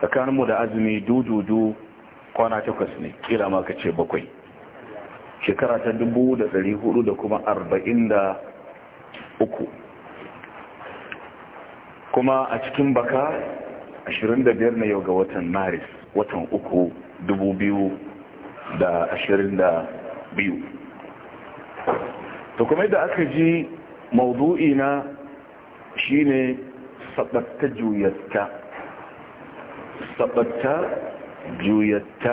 tsakaninmu da azumi dududu kwana takwas ne kira ma ka ce bakwai shekara ta dubu da dari hudu da kuma arba'in da uku kuma a cikin baka ashirin da biyar na yau ga watan maris watan uku dubu biyu da ashirin da biyu to kuma yadda aka ji maudu'i na shine sabatta juyarta sabatta juyatta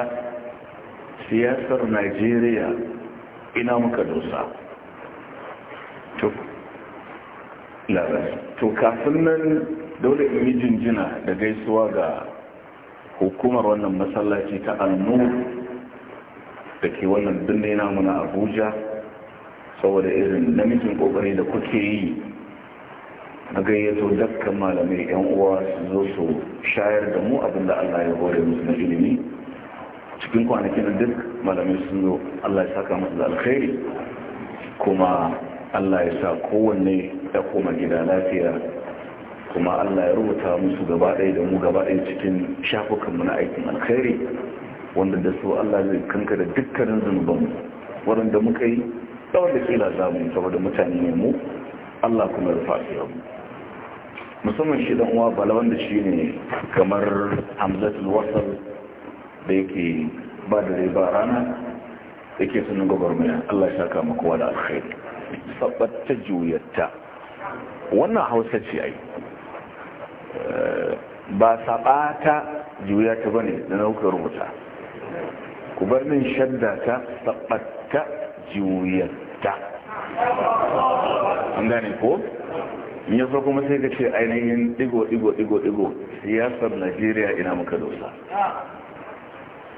siyasar najeriya ina muka dosa to kafin nan dole in yi jinjina da gaisuwa ga hukumar wannan masallaci ta annu da ke wannan birni namuna abuja saboda irin namijin kokari da kuke yi na gayyato dukkan malamai yan uwa su zo su shayar da mu abin da Allah ya hore musu na ilimi cikin kwanakin da duk malamai sun zo Allah ya saka musu da alkhairi kuma Allah ya sa kowanne ya koma gida lafiya kuma Allah ya rubuta musu gaba ɗaya da mu gaba ɗaya cikin mu na aikin alkhairi wanda da su Allah zai kanka da dukkanin mu waɗanda muka yi da wanda kila zamu saboda mutane ne mu Allah kuma rufa su yau musamman shi dan uwa bala wanda shi ne kamar hamzatul wasal da yake ba da riba rana yake sunan gwagwarmaya Allah ya saka maka da alkhairi sabbata juyatta wannan hausa ce ai eh, ba sabata juyata bane da naukar rubuta ku bar min shadda ta sabbata juyatta an gane ko in ya so kuma sai ka ce ainihin digo digo digo digo siyasar najeriya ina muka dosa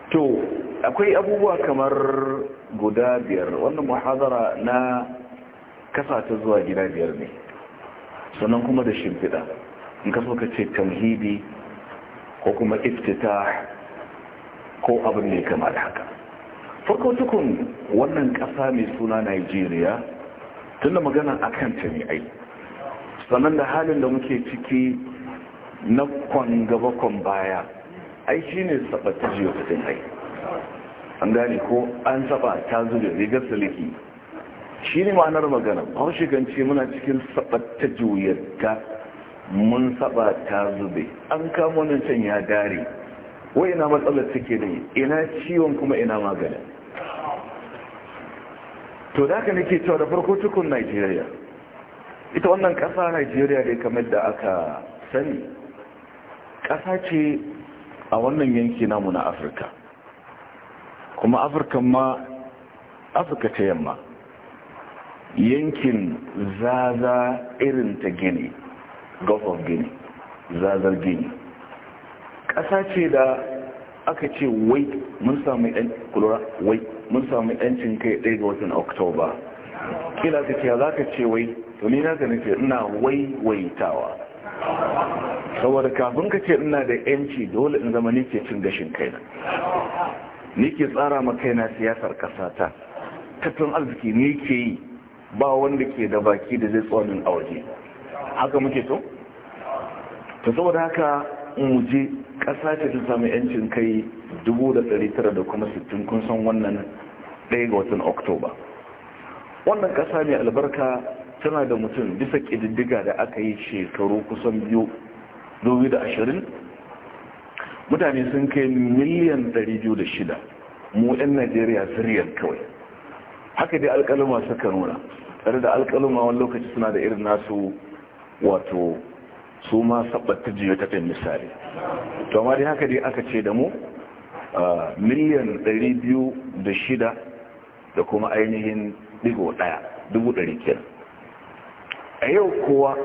to akwai abubuwa kamar guda biyar wannan muhazara na kasa ta zuwa gida biyar ne sannan kuma da shimfiɗa in ka ka ce tamhidi ko kuma iftita ko abin da ya kama da haka farko tukun wannan ƙasa mai suna nigeria da magana akan ta ne ai sannan da halin da muke ciki na kwan gaba kwan baya ai shi ne ta jiyo fitin ai an gane ko an saba ta zube rigar saliki shi ne ma'anar magana ba shi ce muna cikin sabata juyarta mun saba ta zube an kama nan can ya dare wai ina matsalar take da ina ciwon kuma ina magana, to da haka nake cewa da farko tukun najeriya ita wannan ƙasa najeriya dai kamar da aka sani ƙasa ce a wannan yanki namu na afirka kuma afirka ma afirka ta yamma yankin zaza irin ta gini gulf of guinea zazar gini ƙasa ce da aka ce wai mun sami ɗan kulura kai ɗaya ga watan oktoba kila ta ce za ka ce wai to ni na gani ce ina waiwaitawa saboda kafin ka ce ina da yanci dole in zama ni ke cin gashin kaina ni ke tsara ma kaina siyasar ta, tattalin arziki ni ke yi ba wanda ke da baki da zai tsonin a waje haka muke to? ta saboda haka muje kasa ce ta sami yancin kai da 1960 kun san wannan 1 ga watan oktoba wannan ƙasa ne albarka tana da mutum bisa ƙididdiga da aka yi shekaru kusan biyu da ashirin, mutane sun kai miliyan ɗari biyu da shida, mu 'yan najeriya siriyar kawai haka dai alƙaluma suka nuna tare da alƙaluma wani lokaci suna da irin nasu wato su ma sabbata jiyo ta ɗin misali to amma dai haka dai aka ce da mu miliyan ɗari biyu da shida, da kuma ainihin ɗigo ɗaya dubu ɗari kenan a yau kowa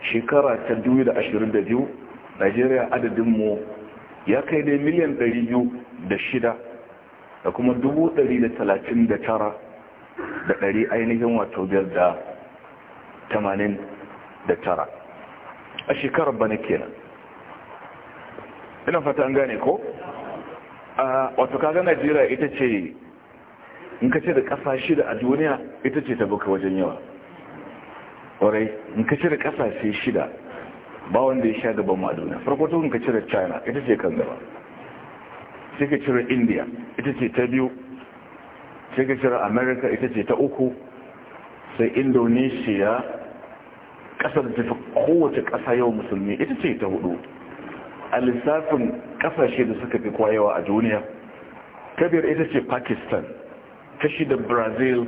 shekara ta 2022 najeriya adadinmu ya kai dai miliyan 206 da kuma 139 da ɗari ainihin wato biyar da tamanin da tara a shekarar bane kenan ina fata an gane ko? wato kaga najeriya ita ce in ka ce da kasashe shida a duniya ita ce ta buka wajen yawa kwarai in ka cire ƙasashe shida ba wanda ya sha gaban mu a duniya farko tukun ka cire china ita ce kan gaba sai ka cire india ita ce ta biyu sai ka cire america ita ce ta uku sai indonesia ƙasar da fi kowace ƙasa yau musulmi ita ce ta hudu a lissafin ƙasashe da suka fi kwayewa a duniya ta biyar ita ce pakistan ta shida brazil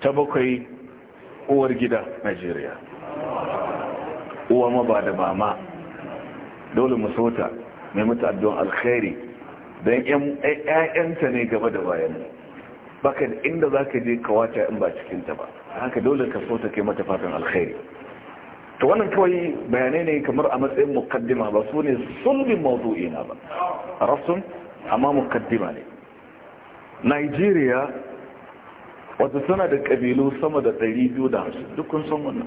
ta bakwai uwar gida Najeriya uwa ma ba da mama dole mu mai mata addu'an alkhairi don ‘ya'yanta ne gaba da bayan baka da inda za ka je kawata in ba cikinta ba haka dole ka ta kai mata fatan alkhairi ta wannan kawai bayanai ne kamar a matsayin mukaddima ba su ne sulbin mawuzo'ina ba a rasun amma mukaddima ne Nigeria wata suna da ƙabilu sama da da hasu dukkan sun wannan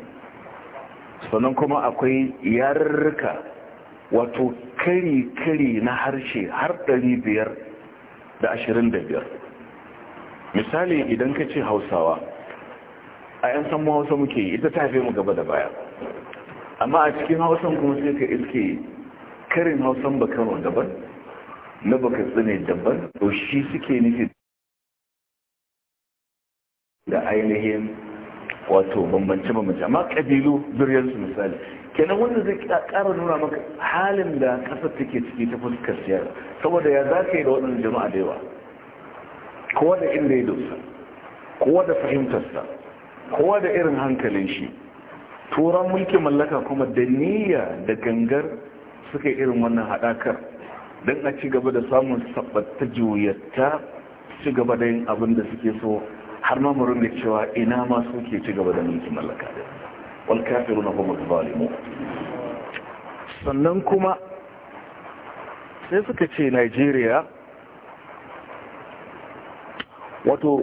sannan kuma akwai yarurruka wato kari-kari na harshe har 525 misali idan ka ce hausawa a 'yan samu hausa muke yi ita ta fi mu gaba da baya amma a cikin hausan kuma sai ka iske karin hausan bakano daban na baka tsine daban to shi suke nufi da ainihin wato bambance bambance amma kabilu zuriyarsu misali kenan wanda zai kara nuna maka halin da ƙasar take ciki ta fuskar siyar saboda ya za ka yi da waɗannan jama'a da yawa kowa da inda ya dosa kowa da fahimtarsa kowa da irin hankalin shi turan mulkin mallaka kuma da niyya da gangar suka yi irin wannan haɗakar don a ci gaba da samun sabbata juyatta ci gaba da yin abin da suke so har ma mu rinda cewa ina ma suke ci gaba da mulkin mallaka da wal na kuma zalimu sannan kuma sai suka ce Najeriya wato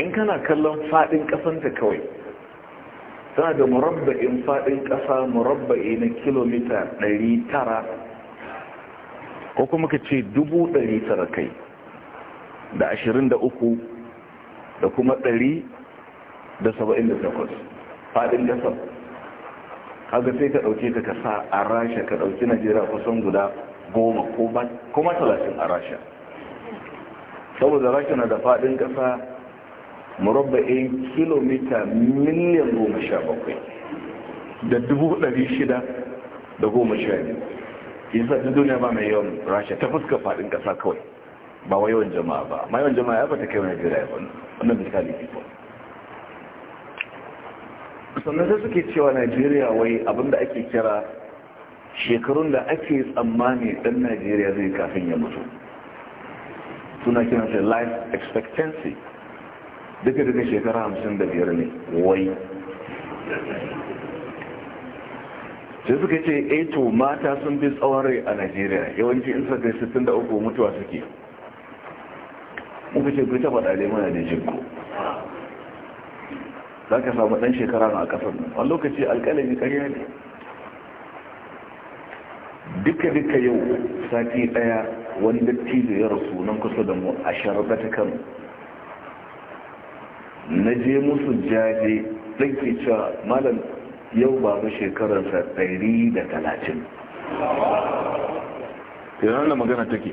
in kana kallon fadin kasanta kawai tana da murabba'in fadin kasa murabba'i na kilomita 900 ko kuma ka ce 900 kai da 23 da kuma 178 faɗin gasar haka sai ka ɗauke ta ka sa a rasha ka ɗauki najeriya kusan guda goma kuma talatin a rasha saboda rasha na da faɗin ƙasa murabba'in kilomita miliyan goma sha bakwai da dubu ɗari shida da goma sha biyu isa duniya ba mai yawan rasha ta fuska faɗin ƙasa kawai ba wai yawan jama'a ba ma yawan jama'a ya bata kai wani jira ya wannan misali ne sannan sai suke cewa najeriya wai abinda ake kira shekarun da ake tsammani dan najeriya zai kafin ya mutu suna kiran sai life expectancy duka duka shekara hamsin da biyar ne wai sai suka ce eto eh mata sun bi tsawon rai a najeriya yawanci in suka 63 mutuwa suke muka ce kuta faɗa ne mana da jinko za ka samu ɗan shekara na a ƙasar a lokaci alƙalami ƙarya ne duka-duka yau sati ɗaya wani datti da ya rasu nan kusa da mu a sharaɗa kano na je musu jaje ke cewa malam yau ba mu shekararsa ɗari da talatin. Yana magana take.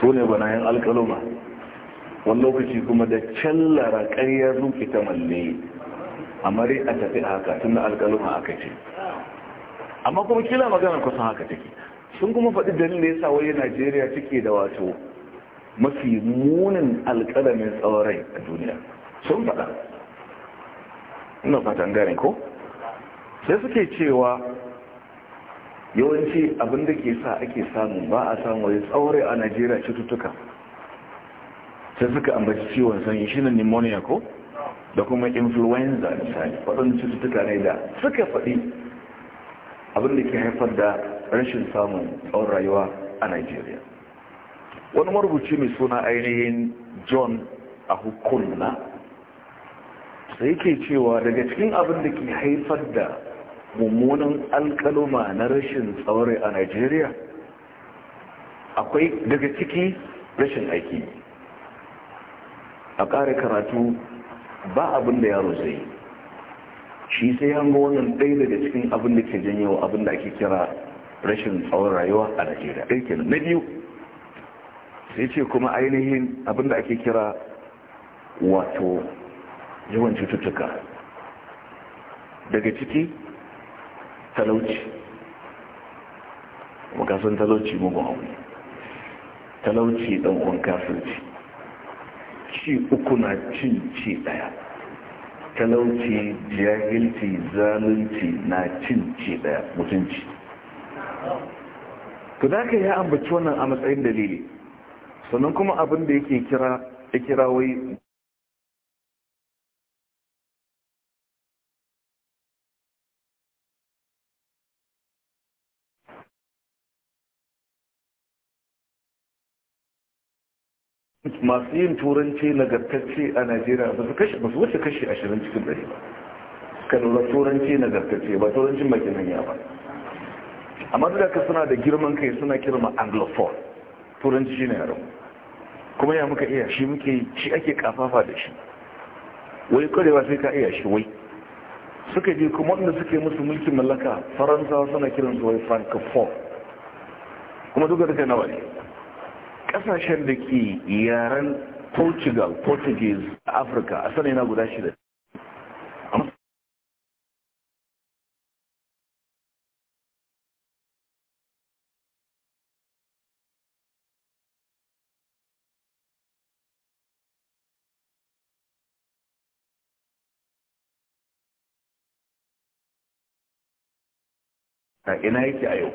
su ne banayen alkaluma wani lokaci kuma da callara ƙarya zuƙi ta malle a mare a tafi haka tun da alkaluma aka ce amma kuma kila magana kusan haka take sun kuma faɗi dalilin da ya sa wani najeriya take da wato mafi munin alƙalamin tsawarai a duniya sun faɗa ina fatan gane ko sai suke cewa yawanci abinda ke sa ake samu ba a samu wani tsaure a najeriya cututtuka sai suka ambaci ciwon sanyi shi ne pneumonia ko da kuma influenza misali faɗin cututtuka ne da suka faɗi abin ke haifar da rashin samun tsawon rayuwa a najeriya wani marubuci mai suna ainihin john a hukunna sai ke cewa daga cikin abinda ke haifar da mummunan alkaluma na rashin tsaure a Najeriya akwai daga ciki rashin aiki a ƙare karatu ba abin da yaro zai shi sai hango wannan ɗaya daga cikin abin da ke janyo abin da ake kira rashin tsawon rayuwa a Najeriya ɗaya na biyu sai ce kuma ainihin abin da ake kira wato yawan cututtuka daga ciki talauci san talauci mugun abu talauci ɗan uwan ci uku na cin ci ɗaya talauci jahilci zalunci na cin ci ɗaya mutunci to da ya ambaci wannan a matsayin dalili sannan kuma abin da yake kira wai masu yin turanci nagartacce a najeriya ba su wuce kashi ashirin cikin dare. ba suka lura turanci nagartacce ba turancin hanya ba amma duk suna da girman kai suna kirma anglophone turanci shi ne yaro kuma ya muka iya shi muke shi ake kafafa da shi wai kwarewa sai ka iya shi wai suka je kuma wanda suke musu mulkin mallaka faransawa suna kiransu wai francophone kuma duka duka nawa ne kasashen da ke yaren portugal portuguese a afirka a sanai na guda shida ina yake a yau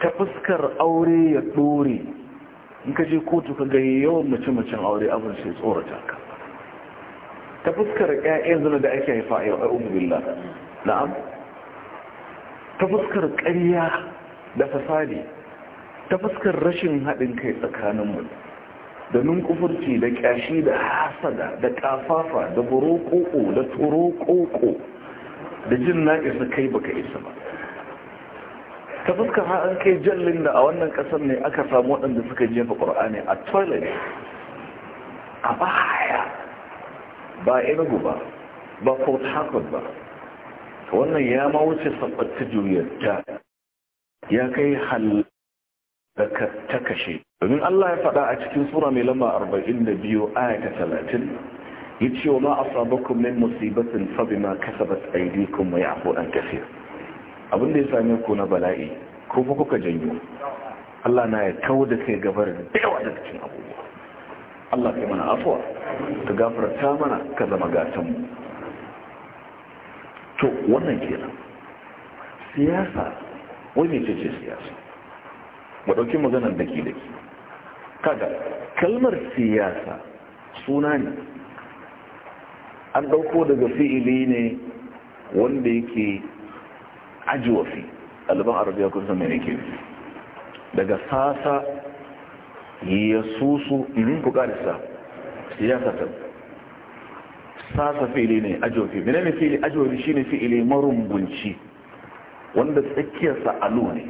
ta fuskar aure ya ɗore in ka je kotu ka gani yawan mace-macen aure abin sai tsorata ka ta fuskar ƴaƴan zana da ake haifa a yau billah na'am ta fuskar ƙarya da fasali ta fuskar rashin haɗin kai tsakanin tsakaninmu da nunkufurci da ƙyashi da hasada da ƙafafa da buroƙoƙo da turoƙoƙo da jin na isa kai baka isa ba ta fuskar har an kai jallin da a wannan kasar ne aka samu waɗanda suka jefa ƙwar'ani a toilet a baya ba inugu ba ba port harcourt ba wannan ya ma wuce sabbata juriyarta ya kai hal da ta kashe domin allah ya faɗa a cikin sura mai lamba biyu ayata talatin, ya ce wa ma asabakum min musibatin fa bima kasabat aydikum wa ya'fu an kaseer abin da ya same ku na bala'i ko fa kuka janyo Allah na ya kawo da kai gabar da yawa da cikin abubuwa Allah kai mana afuwa ka gafarta mana ka zama gatan mu to wannan kenan siyasa wani ce ce siyasa ba dauki maganar daki daki kaga kalmar siyasa suna ne an dauko daga fi'ili ne wanda yake al'ajwafi ɗaliban arabiya kun san mene ke daga sasa ya susu irin mhm. ku ƙarisa siyasatan sasa fili ne ajwafi mene ne fili ajwafi shi ne fili marumbunci wanda tsakiyarsa alu ne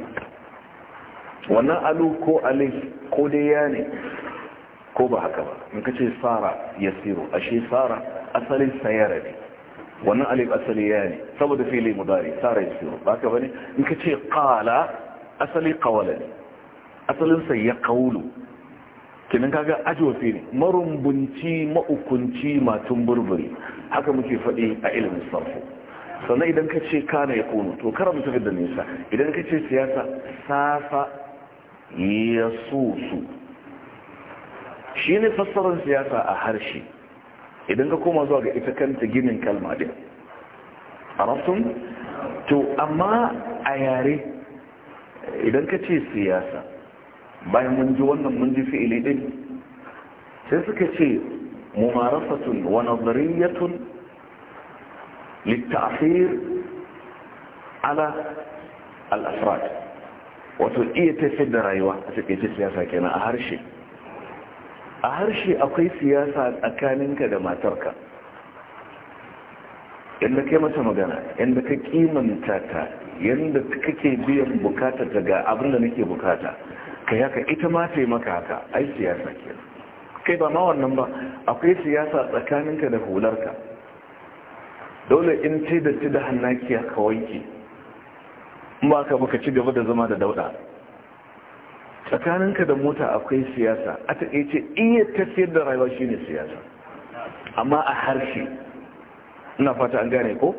wannan alu ko alif ko dai ne ko ba haka ba in ka ce tsara ya siro ashe tsara asalin sayara ne wannan alif asali ya ne saboda fili mudari tsara yi siyo ba ka bane in ka ce kala asali kawala ne asalinsa ya kawulu kinin kaga ajofi ne marumbunci maukunci matun burburi haka muke faɗi a ilimin sarfo sannan idan ka ce kana ya kunu to kara mu tafi da nisa idan ka ce siyasa safa ya susu shi ne fassarar siyasa a harshe idan ka koma zuwa ga ita kanta ginin kalma din arabtun to amma a yare idan ka ce siyasa bayan mun ji wannan mun ji fi'ili din sai suka ce mumarafatun wa nazariyatun littafir ala al-afrad wato iya tafi da rayuwa a cikin siyasa kenan a harshe a harshe akwai siyasa tsakaninka da matarka yadda kai mata magana yadda ka kimanta ta yadda kake biyan bukata daga abinda nake bukata ka yaka ita ma ta yi maka haka ai siyasa ke kai ba ma wannan ba akwai siyasa tsakaninka da hularka dole in ce da ci da a ka wanke ba ka baka ci gaba da zama da dauɗa. tsakaninka da mota akwai siyasa a taƙaice iya tafiyar da rayuwa shine siyasa amma a harshe ina fata an gane ko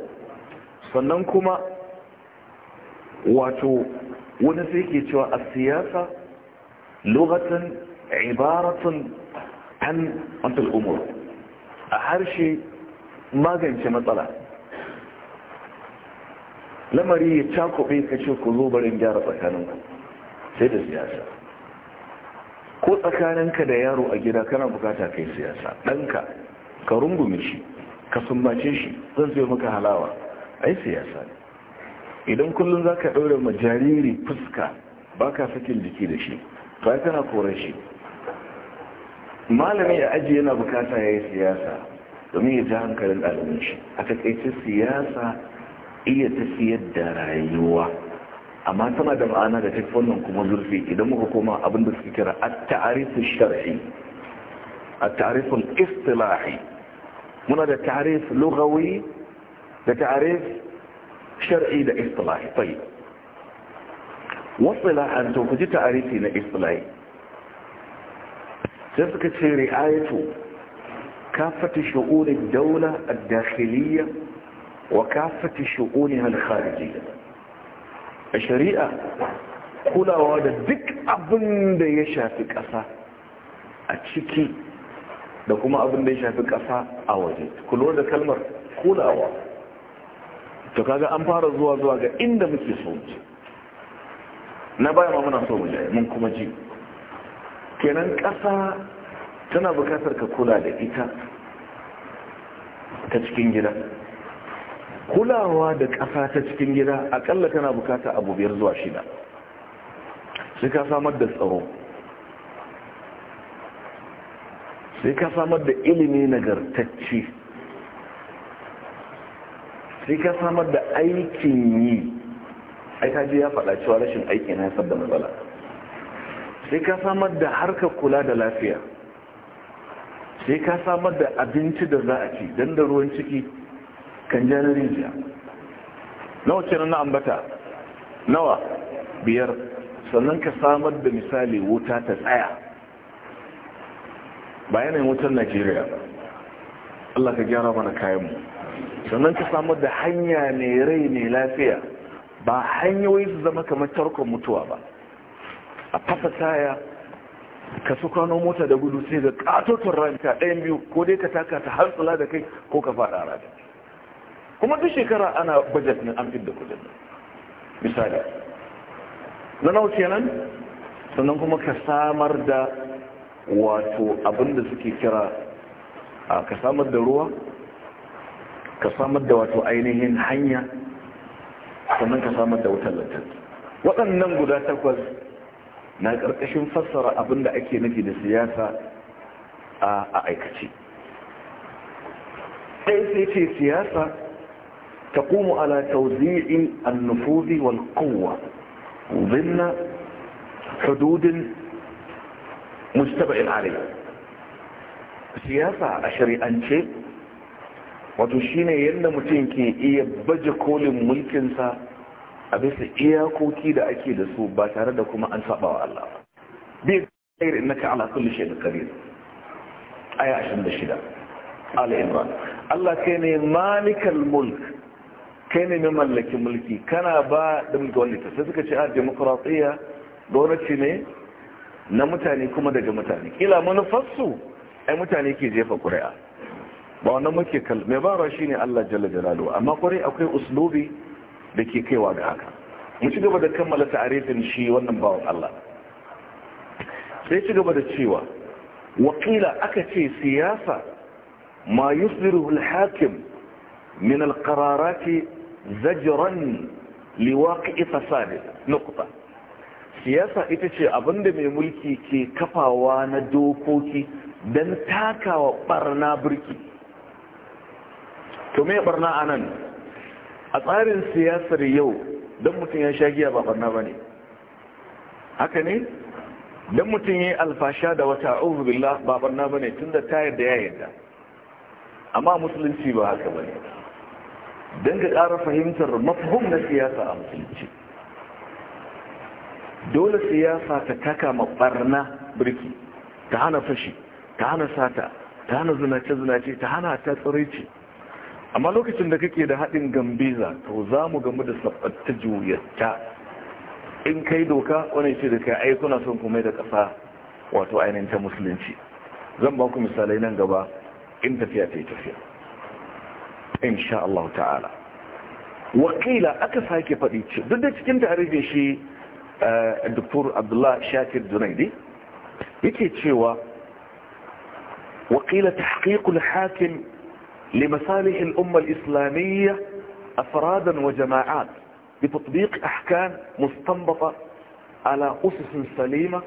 sannan kuma wato wani sai ke cewa a siyasa lokacin ibaratun an wata umar a harshe magance matsala lamari ya cakobe ka ce ku zo barin gyara tsakaninku sai da siyasa ko tsakaninka da yaro a gida kana bukata kai siyasa ɗanka ka rungume shi ka sumbace shi zan zai maka halawa ai siyasa ne idan kullum za ka ɗaure ma jariri fuska ba ka sakin jiki da shi ba kana koren shi malami ya aji yana bukata ya yi siyasa domin ya ji hankalin ɗalibin shi a takaice siyasa iya tafiyar da rayuwa amma sama da ma'ana da take fannin kuma zurfi idan muka koma abin da suke kira at-ta'arifu shar'i at-ta'arifu istilahi muna da ta'arif lughawi da ta'arif shar'i da istilahi tayi tayyib an to kuji ta'arifi na istilahi sai suka ce ri'ayatu kafatu shu'urid dawla ad-dakhiliyya wa kafatu shu'unha al khariji a shari'a kulawa da duk abin da ya shafi ƙasa a ciki da kuma abin da ya shafi ƙasa a waje kulawar da kalmar kulawa to kaga an fara zuwa zuwa ga inda muke so na baya ma muna so mu mun kuma ji kenan ƙasa tana bukatar ka kula da ita ta cikin gida kulawa da ƙasa ta cikin gida akalla tana bukata abu biyar zuwa shida sai ka samar da tsaro sai ka samar da ilimi nagartacce sai ka samar da aikin yi aika ji ya faɗa cewa rashin aiki na haifar da matsala sai ka samar da harkar kula da lafiya sai ka samar da abinci da za a ci don da ruwan ciki kan jana rijiya nawa ce na ambata nawa biyar sannan ka samar da misali wuta ta tsaya ba yanayin wutar najeriya ba allah ka gyara mana kayanmu sannan ka samar da hanya ne rai ne lafiya ba hanyoyi su zama kamar tarkon mutuwa ba a fasa taya ka su kwano mota da gudu sai ga katotun ranta ɗayan biyu ko dai ka taka ta har da kai ko ka faɗa rata kuma duk shekara ana budget ne an da kudin misali na nau kenan sannan kuma ka samar da wato abinda suke kira ka samar da ruwa ka samar da wato ainihin hanya sannan ka samar da wutar lantarki waɗannan guda takwas na ƙarƙashin fassara abinda ake nufi da siyasa a aikace ɗaya sai ce siyasa تقوم على توزيع النفوذ والقوة ضمن حدود مستبع عليها سياسة أشري أنشي وتشين يلنا متينكي إيا بجكول ملكنسا أبس إيا كوكي دا أكيد سوبا تردكما أنسى بوا الله بيد خير إنك على كل شيء قدير آية عشان بشدة آل إمران الله كان مالك الملك kai ne mai mallakin mulki kana ba ɗin gwamnati sai suka ce a ah, demokuraɗiyya gwamnati ne na mutane kuma daga mutane kila manufarsu ai mutane ke jefa ƙuri'a ba wannan muke kal mai bara shi ne allah jalla jalalu amma kwarai akwai uslubi da ke kaiwa ga haka mu ci gaba da kammala ta'arifin shi wannan bawan allah sai ci gaba da cewa wakila aka ce siyasa ma yusdiru al-hakim min al-qararati zajran liwaqi fasad nukta siyasa ita ce abinda mai mulki ke kafawa na dokoki don takawa barna birki to me barna anan a tsarin siyasar yau don mutum ya sha giya ba barna ba ne haka ne don mutum ya yi alfasha da wata abu billah ba barna ba ne tun da tayar da ya yadda amma musulunci ba haka ba ne don ga ƙara fahimtar mafahim na siyasa a musulunci dole siyasa ta taka maɓarna birki ta hana fashi ta hana sata ta hana zinace-zinace ta hana ta tsirici amma lokacin da kake da haɗin gambiza to za mu gamu da sabbata juyatta in kai doka wani ce da kai ai kuna son kuma da ƙasa wato ainihin ta musulunci zan ba ku misalai nan gaba in tafiya ta yi tafiya insha Allah ta'ala wakila aka sake faɗi ce duk da cikin tarihin shi dr abdullah shakir junaidi yake cewa wakila tahqiqul hakim لمصالح الأمة الإسلامية أفرادا وجماعات بتطبيق أحكام مستنبطة على أسس سليمة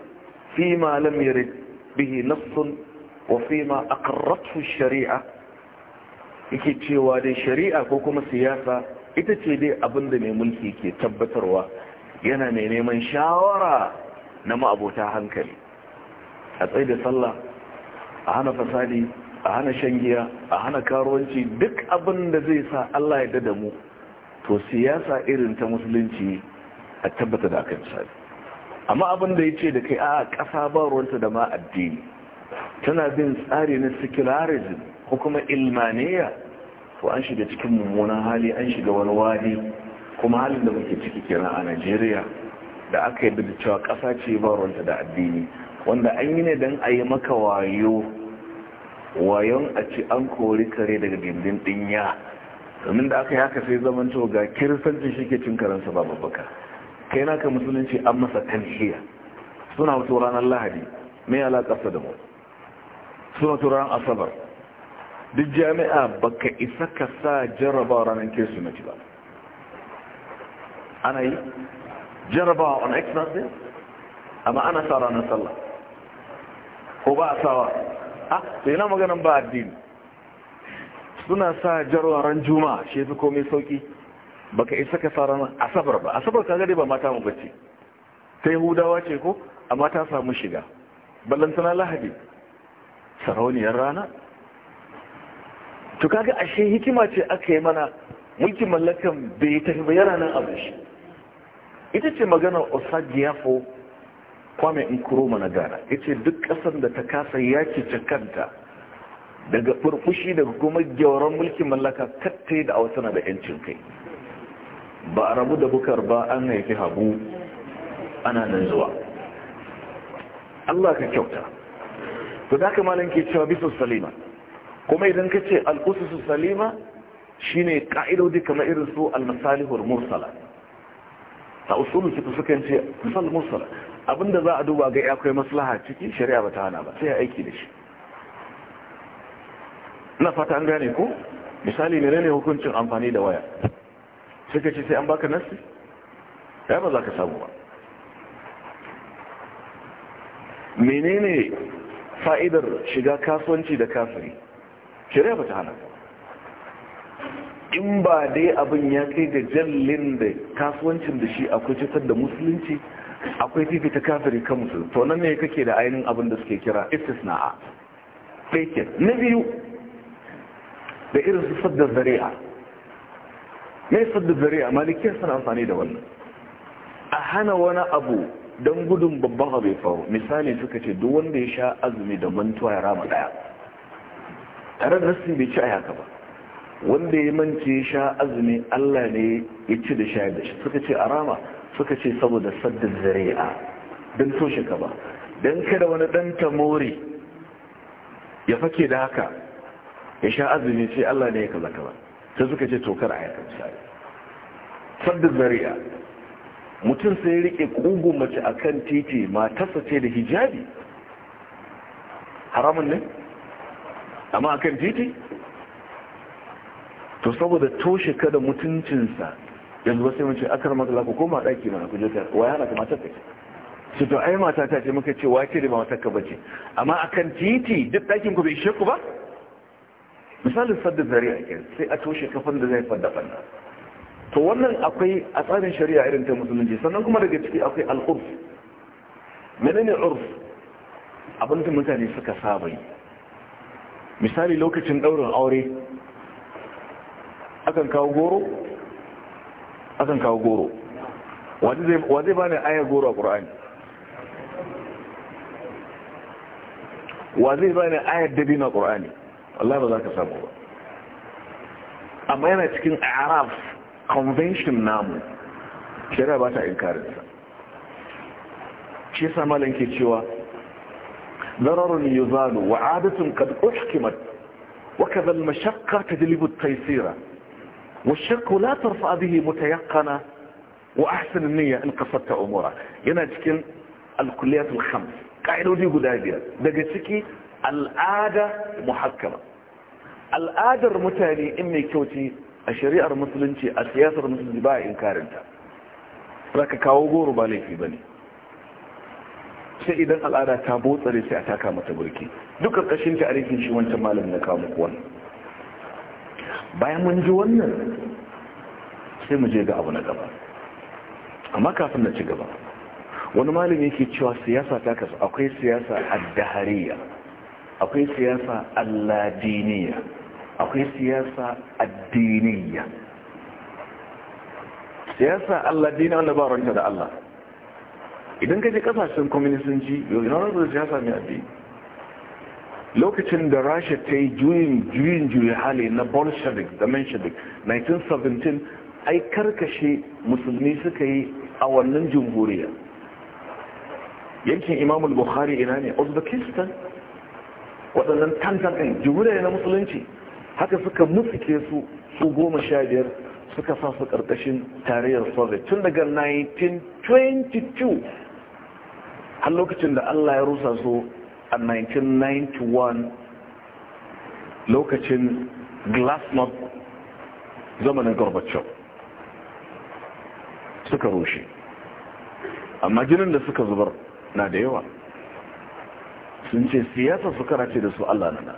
فيما لم يرد به نص وفيما أقرته الشريعة yake cewa dai shari'a ko kuma siyasa ita ce dai abin da mai mulki ke tabbatarwa yana mai neman shawara na ma'abota hankali a tsaye da sallah a hana fasadi a hana shangiya a hana karuwanci duk abin da zai sa Allah ya dada mu to siyasa irin ta musulunci a tabbata da aka misali amma abin da ya ce da kai a ƙasa ba ruwanta da ma addini tana bin tsari na secularism ko kuma ilmaniya to an shiga cikin mummunan hali an shiga wani wadi kuma halin da muke ciki kenan a najeriya da aka yi da cewa ƙasa ce ba ruwanta da addini wanda an yi ne don a yi maka wayo wayon a ci an kori kare daga dindin ɗinya domin da aka yi haka sai zaman to ga kiristanci shi ke cin karansa ba babbaka kai naka musulunci an masa tanhiya suna wato ranar lahadi mai alaƙarsa da mu suna wato ranar asabar duk jami'a baka isa ka sa jarraba ranar kirsimeti ba ana yi jarraba on xmas day amma ana sa ranar sallah ko ba a sawa a ah, sai na maganin ba addini suna sa jarraba Juma juma'a shi fi komai sauki baka isa ka sa ranar asabar ba asabar ka gade ba mata mu bacci ta hudawa ce ko amma ta samu shiga ballantana lahadi sarauniyar rana to kaga ashe hikima ce aka yi mana mulkin mallakan bai tafi ba yana nan abu shi ita ce magana osagiyafo kwame nkuruma na gara. ita duk kasar da ta kasa yaki ta kanta daga furfushi daga kuma gyauran mulkin mallaka kattai da na da yancin kai ba a rabu da bukar ba an haifi habu ana nan zuwa Allah ka kyauta to da ka malam ke cewa bisu salima kuma idan ka ce al'ususu salima shine ƙa'idodi kamar irin su al-masalihul mursala a usulun suka suka ce kusan mursala abinda za a duba ga ya kai maslaha ciki shari'a ba ta hana ba sai ya aiki da shi na fata an gane ko misali ne ne hukuncin amfani da waya suka ce sai an baka nasi ya ba za ka samu ba menene fa'idar shiga kasuwanci da kasuri shari'a ba ta hana in ba dai abin ya kai da jallin da kasuwancin da shi akwai cutar da musulunci akwai ta kafiri kan musulun to nan ne kake da ainihin abin da suke kira a ɗaikin na biyu da irin su sadda zari'a mai sadda zari'a malikiyar suna amfani da wannan a hana wani abu don gudun babban abu ya faru misali suka ce duk wanda ya sha azumi da mantuwa ya rama ɗaya tare da nassin bai ci a haka ba wanda ya mance sha azumi Allah ne ya ci da sha da shi suka ce a rama suka ce saboda saddin zari'a don toshe ka ba don kada wani ɗan tamori ya fake da haka ya sha azumi sai Allah ne ya kaza kaza sai suka ce tokar a yakan shari saddin zari'a mutum sai rike kugu mace akan titi matarsa ce da hijabi haramun ne amma a kan titi to saboda toshe kada mutuncinsa yanzu wasu mace akar matsala ku koma ɗaki mana ku jota wa yana ka matar kai su to ai mata ta ce muka ce wa ke da matar ka bace amma a kan titi duk ɗakin ku bai ishe ku ba misalin sadda a kai sai a toshe kafin da zai fadda fanna to wannan akwai a tsarin shari'a irin ta musulunci sannan kuma daga ciki akwai al'urf menene urf abin da mutane suka saba yi misali lokacin ɗaurin aure akan kawo goro akan kawo goro wa zai bane ayar goro a ƙura'ani wa zai bane ayar dabi na ƙura'ani Allah ba za ka samu ba amma yana cikin arab convention namu shari'a ba ta inkarinsa shi sa ke cewa ضرر يزال وعادة قد أحكمت وكذا المشقة تجلب التيسير والشرك لا ترفع به متيقنة وأحسن النية إن قصدت أمورك هنا تكن الكليات الخمس قاعدة دي قدابية دقيتك العادة محكمة al'adar mutane in mai kyau ce a shari'ar musulunci a siyasar musulunci ba inkarinta za ka kawo goro ba laifi ba ne sai idan al'ada ta botsare sai a taka mata burki duka ƙashin ta a rikin shi wancan malam na kamu kuwa bayan mun ji wannan sai mu je ga abu na gaba amma kafin na ci gaba wani malam yake cewa siyasa ta kasu akwai siyasa addahariya akwai siyasa alladiniya akwai siyasa addiniya siyasa alladiniya wanda ba ranta da Allah idan ka je kasashen kwaminisanci yau ya sami abi lokacin da rasha ta yi juyin juyin juyin hali na bolshevik da menshevik 1917 ai karkashe musulmi suka yi a wannan jamhuriya yankin imamul bukhari ina ne uzbekistan waɗannan tantan ɗin jamhuriya na musulunci haka suka musuke su su goma sha biyar suka sa su ƙarƙashin tarayyar soviet tun daga 1922 har lokacin da Allah ya rusa su a 1991 lokacin glasnost zamanin gorbachev suka rushe amma ginin da suka zubar na da yawa sun ce siyasa su karace da su Allah nana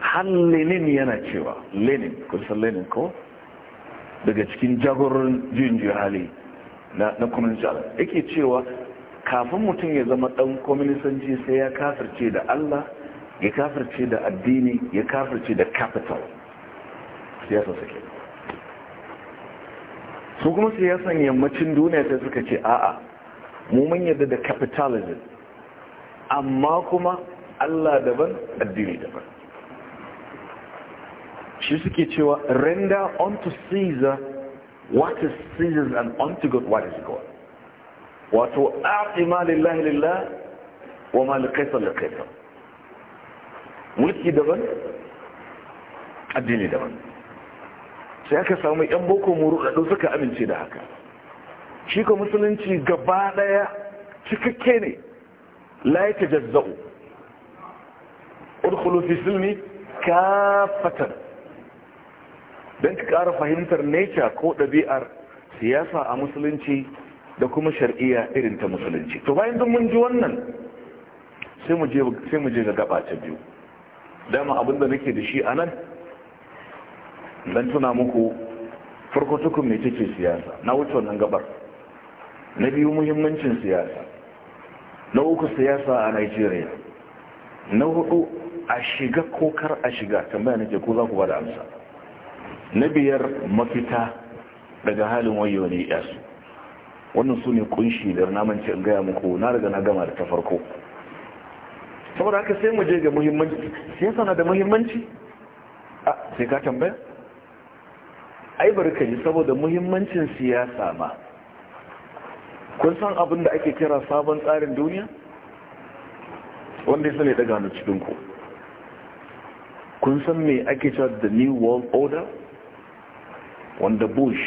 har lenin yana cewa lenin kusan lenin ko daga cikin jagoran juyin hali na kunan yake cewa kafin mutum ya zama ɗan kwaminisanci sai ya kafirce da Allah ya kafirce da addini ya kafirce da capital siyasa suke su kuma siyasan yammacin duniya ta suka ce a'a mu mun yadda da capitalism amma kuma Allah daban addini daban shi suke cewa render unto Caesar what is Caesar's and unto God what is God wato aƙi ma lillahi lillahi wa ma liƙaisar liƙaisar mulki daban addini daban sai aka samu yan boko muru muruɗaɗo suka amince da haka shi ka musulunci gaba ɗaya cikakke ne la ya ta jazza'u ƙulƙulu fi silmi kafatan don ka ƙara fahimtar nature ko ɗabi'ar siyasa a musulunci da kuma shar'iyya irin ta musulunci to bayan duk mun ji wannan sai mu je sai mu je ga gaba ta biyu dama abin da nake da shi anan dan tuna muku farko tukun me take siyasa na wuce wannan gabar na biyu muhimmancin siyasa na uku siyasa a Najeriya na hudu a shiga ko kar a shiga tambaya nake ko za ku bada amsa na biyar mafita daga halin wayo ne yasu wannan su ne kunshi da namance in gaya muku na daga na gama da ta farko saboda haka sai mu je ga muhimmanci siyasa na da muhimmanci a sai ka tambaya ai bari ka ji saboda muhimmancin siyasa ma kun san abin da ake kira sabon tsarin duniya wanda ya sani daga na cikin ku kun san me ake cewa the new world order wanda bush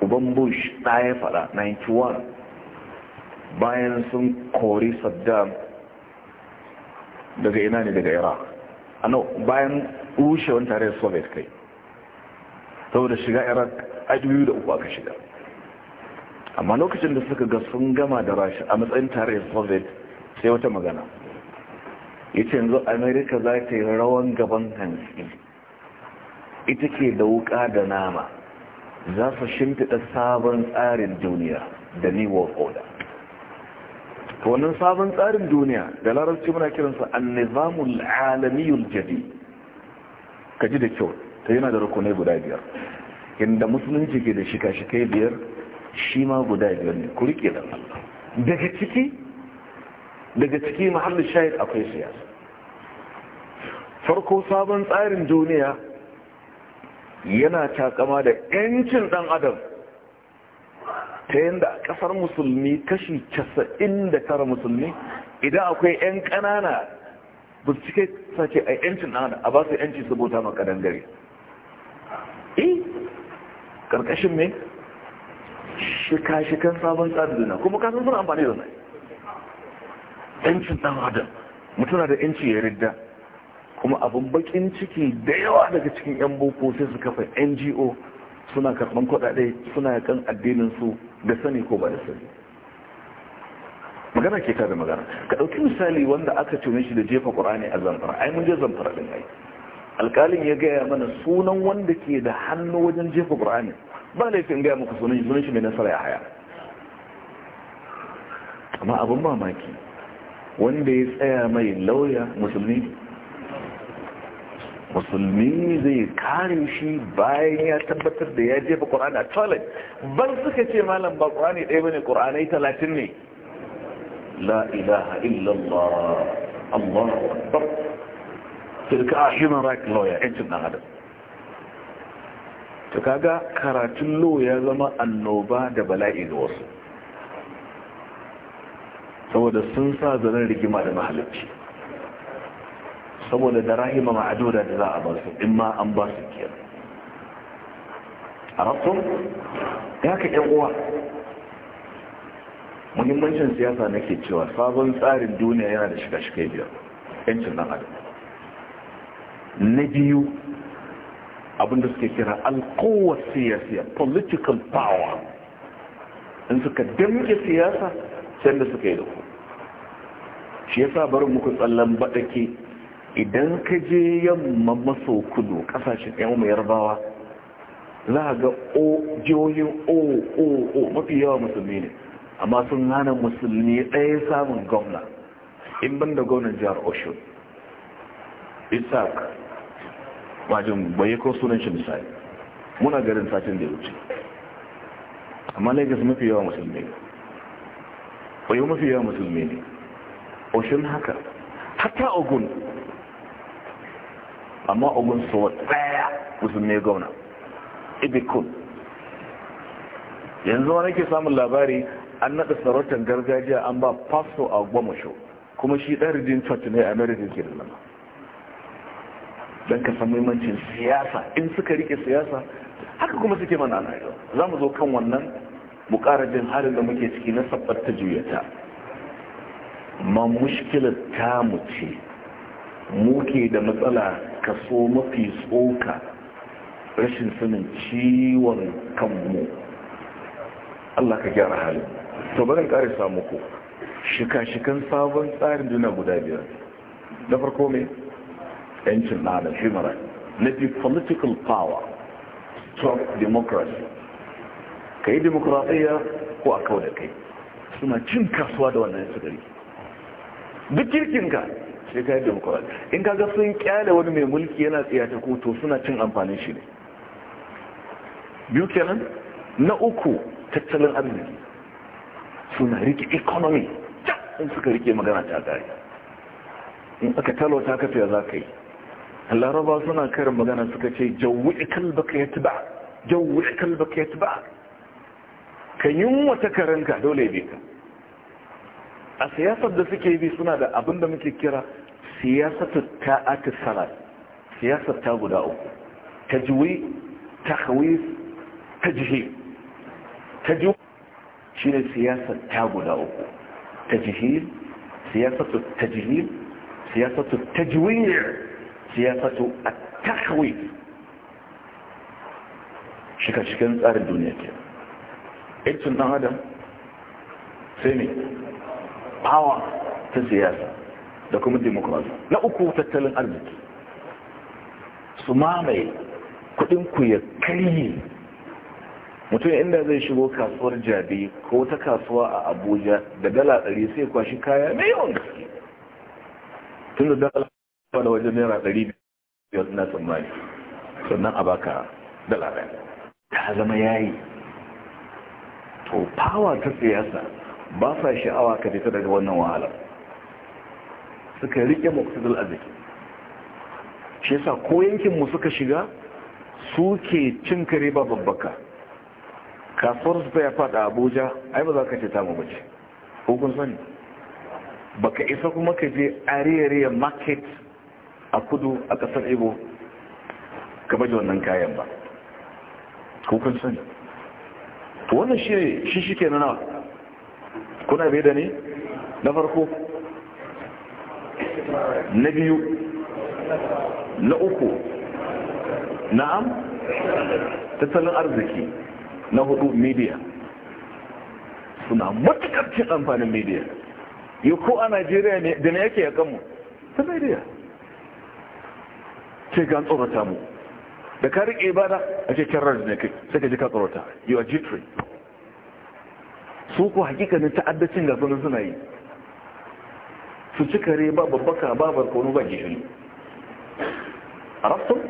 uban bush ɗaya faɗa 91 bayan sun kori saddam daga ina ne daga iraq ano bayan wani tare da soviet kai saboda shiga iraq a da uku aka shiga amma lokacin da suka ga sun gama da rashi a matsayin tare da soviet sai wata magana Ita yanzu amerika za ta yi rawan gaban hansi ita ke da wuka da nama za su shimfiɗa sabon tsarin duniya da new world order to wannan sabon tsarin duniya da larabci muna kiransa annizamul alamiyul jadi ka ji da kyau ta yana da rukunai guda biyar inda musulunci ke da shika-shikai biyar shi ma guda biyar ne ku riƙe da daga ciki daga ciki mahallin shahid akwai siyasa farko sabon tsarin duniya yana takama da 'yancin ɗan adam ta yadda ƙasar musulmi kashi casa'in da tara musulmi idan akwai 'yan ƙanana ba su cike sace a 'yancin dan adam a ba su 'yanci saboda maka dangare E, eh, ƙarƙashin mai shika-shikan sabon tsarin duniya kuma kasan suna amfani da nai 'yancin ɗan adam mutuna da 'yanci ya ridda kuma abin bakin ciki da yawa daga cikin 'yan boko sai su kafa ngo suna karban kwadade suna addinin addininsu da sani ko ba da sani magana ke da magana ka ɗauki misali wanda aka tuni shi da jefa ƙura'ani a zamfara ai mun je zamfara ɗin ai alƙalin ya gaya mana sunan wanda ke da hannu wajen jefa ƙura'ani ba laifin gaya muku sunan sunan shi mai nasara ya haya amma abin mamaki wanda ya tsaya mai lauya musulmi musulmi zai kare shi bayan ya tabbatar da ya jefa ƙorani a toilet ban suka ce malam ba ƙorani ɗaya bane ƙoranai talatin ne la ilaha illallah allah akbar tilka a human rights lawyer yancin ɗan adam ta kaga karatun law ya zama annoba da bala'i da wasu saboda sun sa zanen rigima da mahalicci saboda da rahima ma'aduda da za a ba su in ma an ba su kiyar a rafton ya ka yan uwa muhimmancin siyasa nake cewa sabon tsarin duniya yana da shiga-shiga biyar yancin nan adam na biyu abinda suke kira alkowar siyasiya political power in suka damke siyasa sai da suka yi da ku shi ya sa barin muku tsallan baɗake idan ka je yamma maso kudu kasashen yan mai yarbawa za a ga o jihohin o o o mafi yawa musulmi ne amma sun hana musulmi ɗaya samun gwamna in ban da gwamnan jihar osho isaac majin bai ko sunan shi misali muna garin satin da ya wuce amma lagos mafi yawa musulmi ne bayo mafi yawa musulmi ne oshin haka hatta ogun amma ogun so daya ne gwamna ibikun yanzu wani ke samun labari an naɗa sarautar gargajiya an ba faso a sho kuma shi ɗan rijin ne a american ke lalama don ka san muhimmancin siyasa in suka rike siyasa haka kuma suke mana na yau za mu zo kan wannan bukarajin halin da muke ciki na sabbar juyata ma mushkilar mu ce muke da matsala kaso mafi tsoka rashin sanin ciwon kanmu Allah ka gyara halin to bari kare samu ku shika-shikan sabon tsarin duna guda biyar na farko mai yancin ɗanar human na fi political power to democracy ka yi demokrasiyya ko a kawo da kai suna cin kasuwa da wannan su gari duk kirkinka sai ka yi demokuraɗiyya in kaga sun kyale wani mai mulki yana tsaye ta to suna cin amfanin shi ne biyu kenan na uku tattalin arziki suna rike economy in suka rike magana ta gari in aka talauta ka fiye za ka yi laraba suna karin magana suka ce jawu'i kalbaka ya tuba jawu'i yi ya tuba ka ta karanka dole ya bi ka a siyasar da suke bi suna da abin da muke kira siyasatu ta'ati sarai siyasar ta guda uku ta ta hawi, tajwi takhwif tajhib shi ne siyasar ta guda uku ta jihe. siyasatu ta jihe. siyasatu ta tajwi' siyasatu a ta hawi shika cikin tsarin duniya ke ɗin ɗan adam sai ne hawa ta siyasa da kuma demokrasi na uku tattalin arziki su mamaye kudin ku ya karye mutum inda zai shigo kasuwar jabi ko ta kasuwa a abuja da dala dari sai kwashi kaya mai yawan gaske tun da dala da wajen naira ɗari biyar na tsammani sannan a baka dala ɗaya ta zama yayi to power ta siyasa ba sa sha'awa ka fita daga wannan wahalar suka rike maksudul arziki shi yasa ko yankinmu suka shiga suke cin kare ba babbaka kasuwar su ya fada abuja ai ba za ka ce tamu bace hukun sani baka isa kuma ka je ariyariyar market a kudu a kasar igbo ka baje wannan kayan ba hukun sani wannan shi shi shi ke nanawa kuna bai da ni na farko na biyu na uku na'am tattalin arziki na hudu media suna matukar cin amfanin media yi ko a najeriya ne da na yake ya kanmu ta media ce gan tsorata mu da ka riƙe ba da ake kyarar da ne kai sai ka ji ka tsorata yi a jitri su ku hakikanin ta'addacin ga sunan suna yi su cika re ba babbaka ba barkono ba gishiri a rafton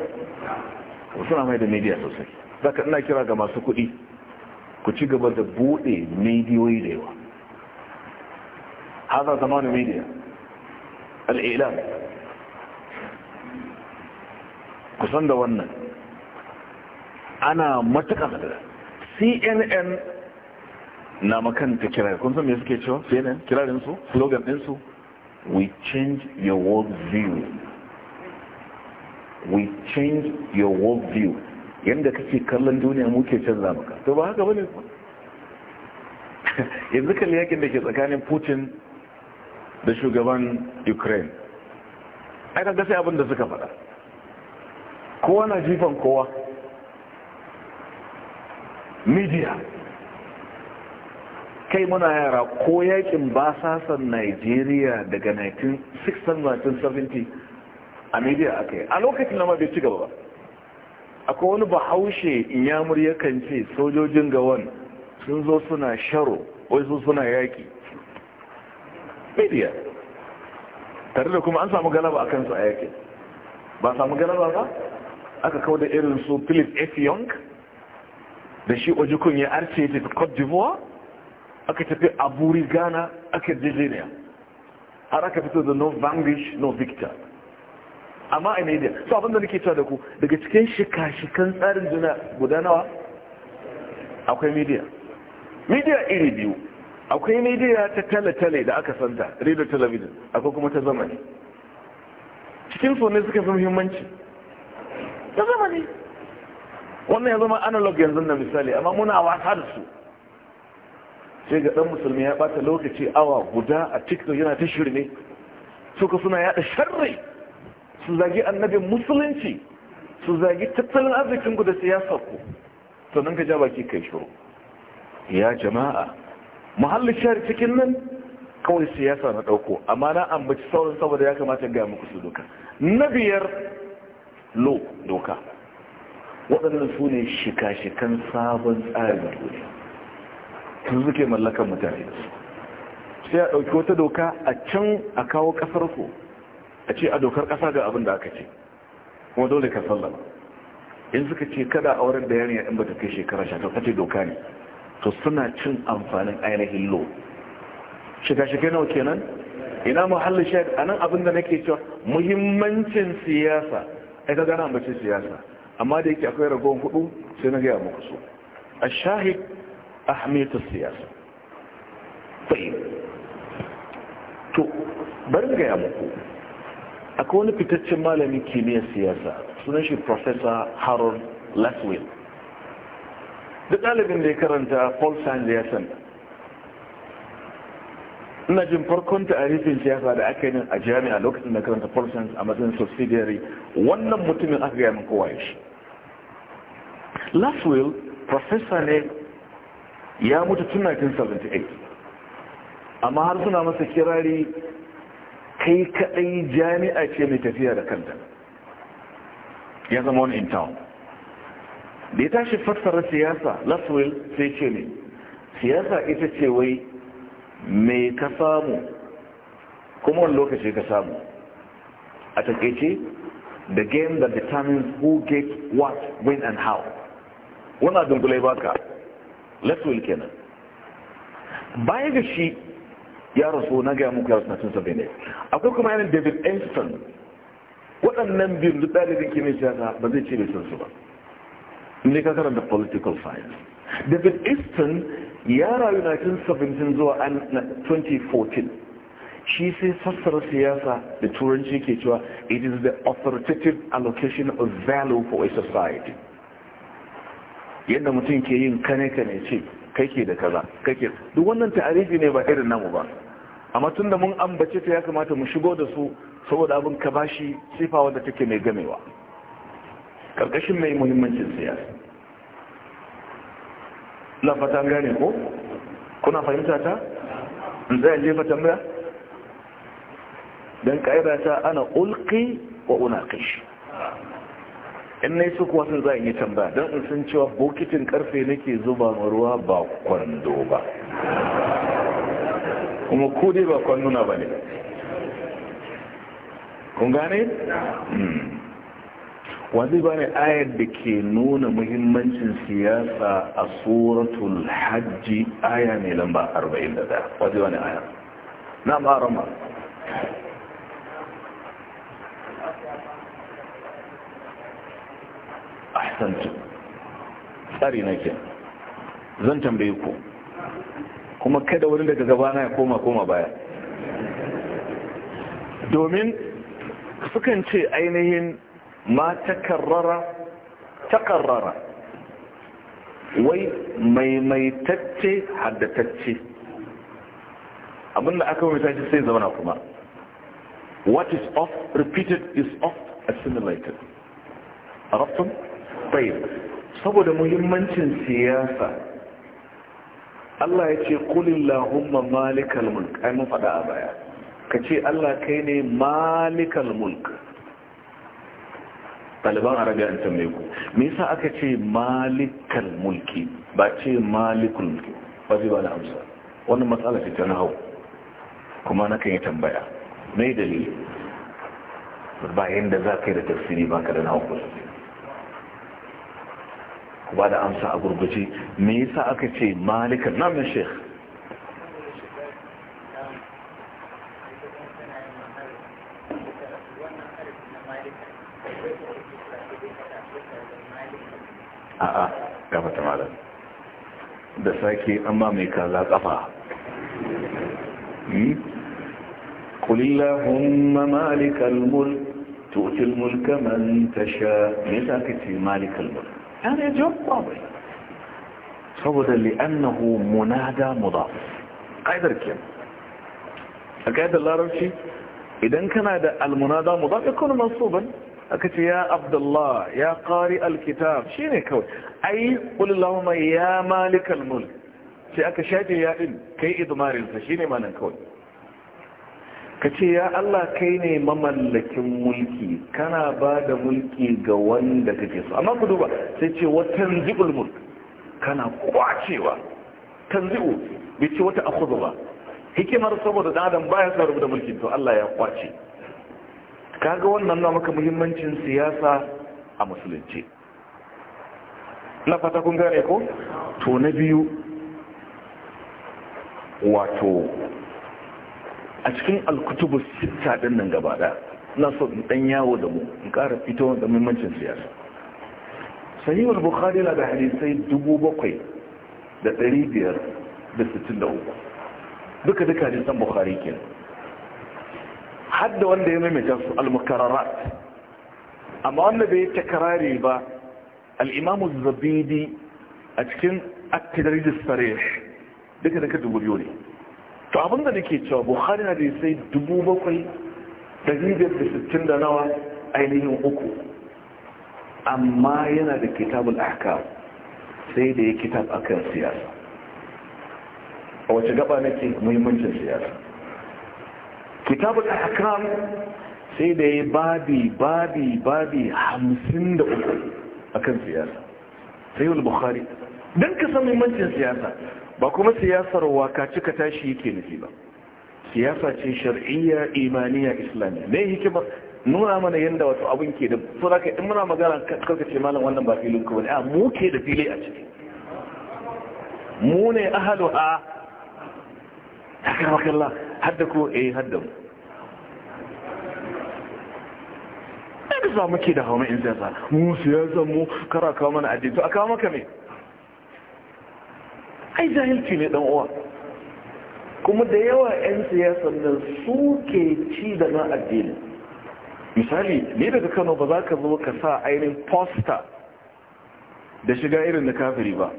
suna mai da media sosai za ka ina kira ga masu kuɗi ku ci gaba da buɗe mediyoyi da yawa haza zamanin media al'ilam kusan da wannan ana matuƙa da cnn na makanta kirar kun san me suke cewa kenan kirarin su slogan din su we change your world view we change your world view yanda kake kallon duniya muke canza maka to ba haka bane yanzu kalli yakin da ke tsakanin Putin da shugaban Ukraine ai kaga sai abin da suka faɗa kowa na jifan kowa media kai muna yara ko yakin basasan nigeria daga 1970 a media aka yi a lokacin na bai ci gaba ba akwai wani bahaushe yamur yakan kance sojojin gawan sun zo suna sharo wai su suna yaki media tare da kuma an samu galaba a kansu a yakin ba samu galaba ba aka kawo da irin su philip f young da shi ojukun ya arce ta cote d'ivoire aka tafi aburi ghana aka jejeniya har aka fito da no vanguish no victor amma a media su abinda nake cewa da ku daga cikin shika-shikan tsarin juna gudanawa akwai media media iri biyu akwai media ta tale-tale da aka santa radio television akwai kuma ta zamani cikin sone suka fi muhimmanci ta zamani wannan ya zama analog yanzu na misali amma muna wasa da su sai ga dan musulmi ya bata lokaci awa guda a tiktok yana ta shirme suka suna yada sharri su zagi annabin musulunci su zagi tattalin arzikin guda da siyasa ku to nan ka ja baki kai shiru ya jama'a muhallin shari cikin nan kawai siyasa na ɗauko, amma na ambaci sauran saboda ya kamata ga muku su doka na biyar lo doka waɗannan su ne shika-shikan sabon tsarin duniya Yanzu ke mallakan mutane sai a ɗauki wata doka a can a kawo ƙasar ku a ce a dokar ƙasa ga abin da aka ce kuma dole ka sallama in suka ce kada a wurin da a in bata kai shekara sha ta ce doka ne to suna cin amfanin ainihin lo shiga shiga nawa kenan ina muhallin shayar a nan abin da nake cewa muhimmancin siyasa ai ka gana mace siyasa amma da yake akwai ragon hudu sai na gaya muku so a shahid أهمية siyasa طيب to barin gaya muku akwai wani fitaccen malamin kimiyyar siyasa sunan shi professor harold laswell da ɗalibin da ya karanta paul sands ya ina jin farkon tarihin siyasa da aka yi a jami'a lokacin da karanta paul sands a matsayin subsidiary wannan mutumin aka gaya min kowa shi laswell professor ne ya mutu tun 1978 amma har suna masa kirari kai kaɗai jami'a ce mai tafiya da kanta ya zama wani in town da ya tashi fassara siyasa laswell sai ce ne siyasa ita ce wai mai ka samu kuma wani lokaci ka samu a takaice the game that determines who gets what when and how wana dunkulai baka latwell kenan baya ga shi ya rasu na gaya muku ya rasu sabbin ne akwai kuma yanin david einstein waɗannan biyu duk ɗalibin kimiyyar siyasa ba zai ce mai san su ba ne ka karanta political science david einstein ya rayu na cin sabbin zuwa 2014 shi sai sassara siyasa da turanci ke cewa it is the authoritative allocation of value for a society yadda mutum ke yin kane kane ce kake da kaza kake duk wannan tarihi ne ba irin namu ba amma da mun ambace ta ya kamata mu shigo da su saboda abin ka shi sifa wadda take mai gamewa karkashin mai muhimmancin siyasa na fata gane ko kuna fahimta ta in zai jefa tambaya don ƙa'ira ta ana ulki wa shi. in na yi su kuwa sun za yi tambaya don in sun cewa bokitin karfe nake zuba ma ruwa ba kwando ba kuma kudi ba kwanduna ba ne kun gane? Hmm. wanzu ba ne ayar da ke nuna muhimmancin siyasa a suratul hajji aya ne lamba 41 wanzu ba ne ayar na ma'arama ahsantu tsari na ke zan tambaye ku kuma kada wurin daga gabana ya koma koma baya domin sukan ce ainihin ma takarrara takarrara wai maimaitacce haddatacce abinda aka maimaitacce sai zauna kuma what is of repeated is of assimilated arabtun saboda muhimmancin siyasa Allah ya ce kulillahumma malikal mulk ai mun faɗa a baya ka ce Allah kai ne malikal mulk ɗaliban arabi an tambaye ku me yasa aka ce malikal mulki ba ce malikul mulki ba zai ba na amsa wannan matsala ce ta na hau kuma na kan yi tambaya mai dalili bayan da za ka yi da tafsiri ba ka da na hau kusa ku ba da amsa a gurguje me yasa aka ce malikan namun sheikh a'a gafa fata malam da sake amma mai kaza kafa قل اللهم مالك الملك تؤتي الملك من تشاء لذلك مالك الملك هذا جواب واضح saboda li'annahu munada mudaf qaidar ke a qaidar larabci idan kana da almunada mudaf yakunu mansuban aka ce ya abdullah ya qari alkitab shine kawai ai qul allahumma ya malikal mulk sai aka shafe ya din kai idmarin sa shine kawai ka ce ya Allah kai ne mamallakin mulki kana ba da mulki ga wanda kake so amma ku duba sai ce wa zi'ul mulk kana kwacewa tanzi'u bai ce wata akhudhu ba hikimar saboda dan adam baya sa rubuta mulki to Allah ya kwace kaga wannan na maka muhimmancin siyasa a musulunci na fata kun gane ko to na biyu wato a cikin alkutubu sita din nan gaba da na so in dan yawo da mu in ƙara fito da muhimmancin siyasa al bukhari la da hadisai bakwai da ɗari biyar da sittin da uku duka din san bukhari kenan hadda wanda ya maimaita su al-mukarrarat amma wanda bai takarari ba al az zabidi a cikin at-tadrij as-sarih duka duka dubu ne to abinda da ke cewa buhari hadisai dubu bakwai dari biyar da sittin da nawa ainihin uku amma yana da kitabun aka sai da ya kitab akan siyasa a wace gaba nake muhimmancin siyasa kitabun aka sai da ya babi babi babi hamsin da uku akan siyasa sai bukhari don ka san muhimmancin siyasa ba kuma siyasar waka cika tashi yake nufi ba siyasa ce shar'iyya imaniya islamiyya ne hikimar nuna mana yadda wasu abin ke da suna ka in muna magana karka ce malam wannan ba filin kawai a mu ke da fili a ciki mu ne ahalu a takar makalla hadda ko eh hadda mu ɗaga za muke da hawa in siyasa mu siyasa mu kara kawo mana addini to a kawo maka mai ai jahilci ne dan uwa kuma da yawa 'yan siyasan nan su ke ci da na addini misali ne daga kano ba za ka zo ka sa ainihin posta da shiga irin na kafiri ba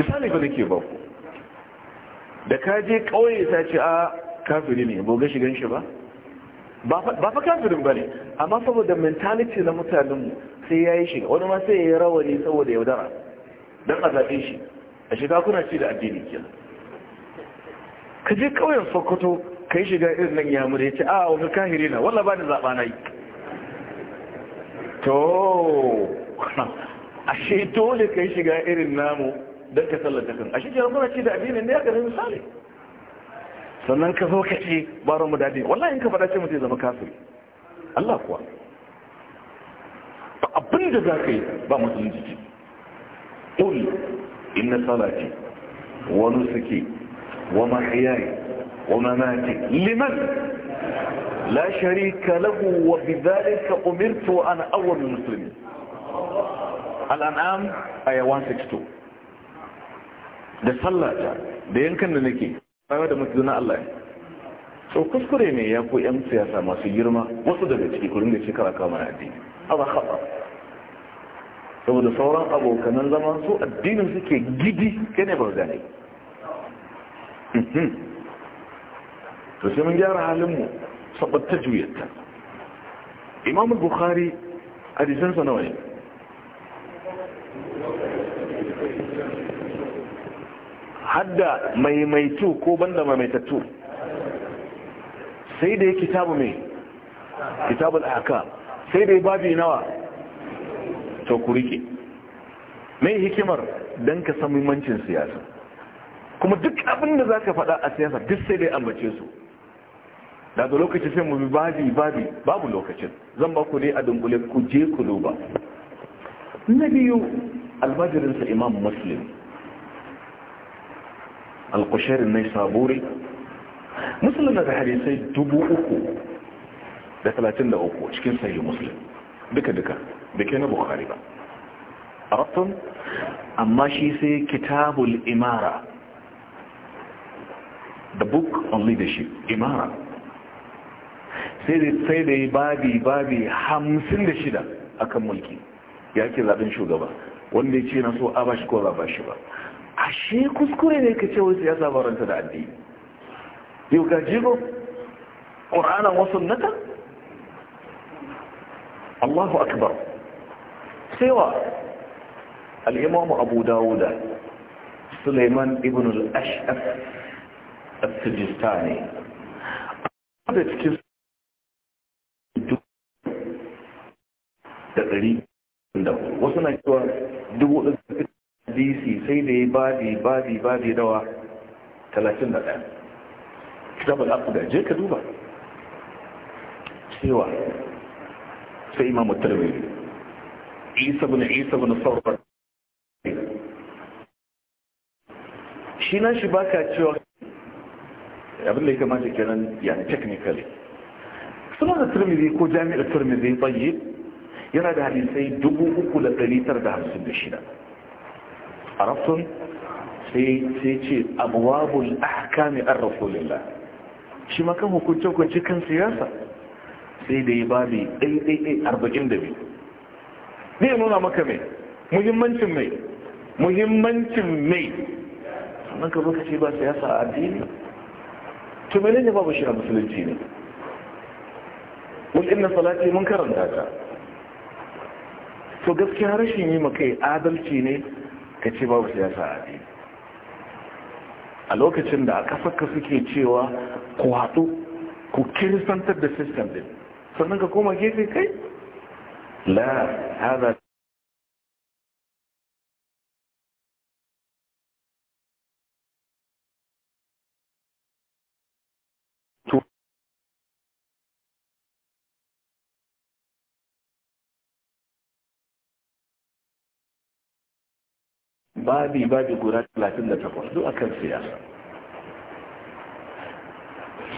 misali ba nake ba ku da ka je kauye ta ce a kafiri ne ba shigan shi ba ba fa kafirin ba ne amma saboda mentality na mutanenmu sai ya yi shiga wani ma sai ya yi rawani saboda yaudara don a zaɓe shi a shiga kuna ci da addini ke ka je kawai sokoto ka yi shiga irin nan ya mure ce a ah, wani kahiri na wallah ba ni zaɓa na yi to ashe dole ka yi shiga irin namu don ka tsallata kan shi ke kuna ci da addini ne ya gani misali sannan ka zo ka ce baron mu daɗi wallahi in ka faɗa ce mu zai zama kafiri Allah kuwa abinda abin da za ka yi ba musulunci ƙuli inna salati wa nusuki wa mahyaya wa mamati liman la sharika lahu wa bidhalika umirtu an awwal muslimin al-an'am aya 162 da sallata da yankan da nake bayan da mutum na Allah so kuskure ne ya ku yan siyasa masu girma wasu daga ciki kurin da shekara kama na addini abu haɓa saboda sauran abokanan zaman su addinin suke gidi kai ne ba gane to sai mun gyara halinmu saboda ta juyatta imamu bukhari hadisansa nawa ne hadda maimaitu ko banda maimaitattu sai da ya kitabu mai kitabul aka sai da ya babi nawa to ku rike mai hikimar don ka san muhimmancin siyasa kuma duk abin da za ka faɗa a siyasa duk sai dai ambace su daga lokaci sai mu bi babi babu lokacin zan ba ku ne a dunkule ku je ku duba na biyu albajirinsa imam muslim alƙushari mai saburi musulun daga hadisai dubu uku da talatin da uku cikin sayi muslim duka-duka da ke na bukari ba a rafton amma shi sai kitabul imara the book on leadership imara sai da babi babi hamsin da shida a kan mulki ya ke zaɓin shugaba wanda ya ce na so a bashi ko ba shi ba ashe kuskure ne ka ce wasu ya sabaranta da addini yau ga jigo ƙuranan wasu nata Allahu akbar cewa al-imam Abu Dawud Sulaiman ibn al-Ash'af al-Sijistani da cikin da ɗari da wasu na cewa dubu sai da ya dawa je ka duba cewa sai imamu tarwiri isa bin isa bin sauran shi na shi ba ka cewa abin da ya kamata kenan yana technically suna da turmizi ko jami'ar turmizi tsaye yana da hadisai 3,956 a rafin sai ce abuwabul ahkami an rasulillah shi makan hukunce-hukunce kan siyasa sai da yi babi ɗaiɗaiɗai arba'in da biyu zai nuna maka mai muhimmancin mai muhimmancin mai sannan ka lokaci ba siyasa a addini to mai ne babu shi a musulunci ne wasu inna salati mun karanta ta to gaskiya rashin yi maka adalci ne ka ce babu siyasa a addini a lokacin da a ƙasar ka suke cewa ku haɗu ku kirisantar da sistem din sannan ka koma gefe kai la hada babi babi guda 38 duk akan siyasa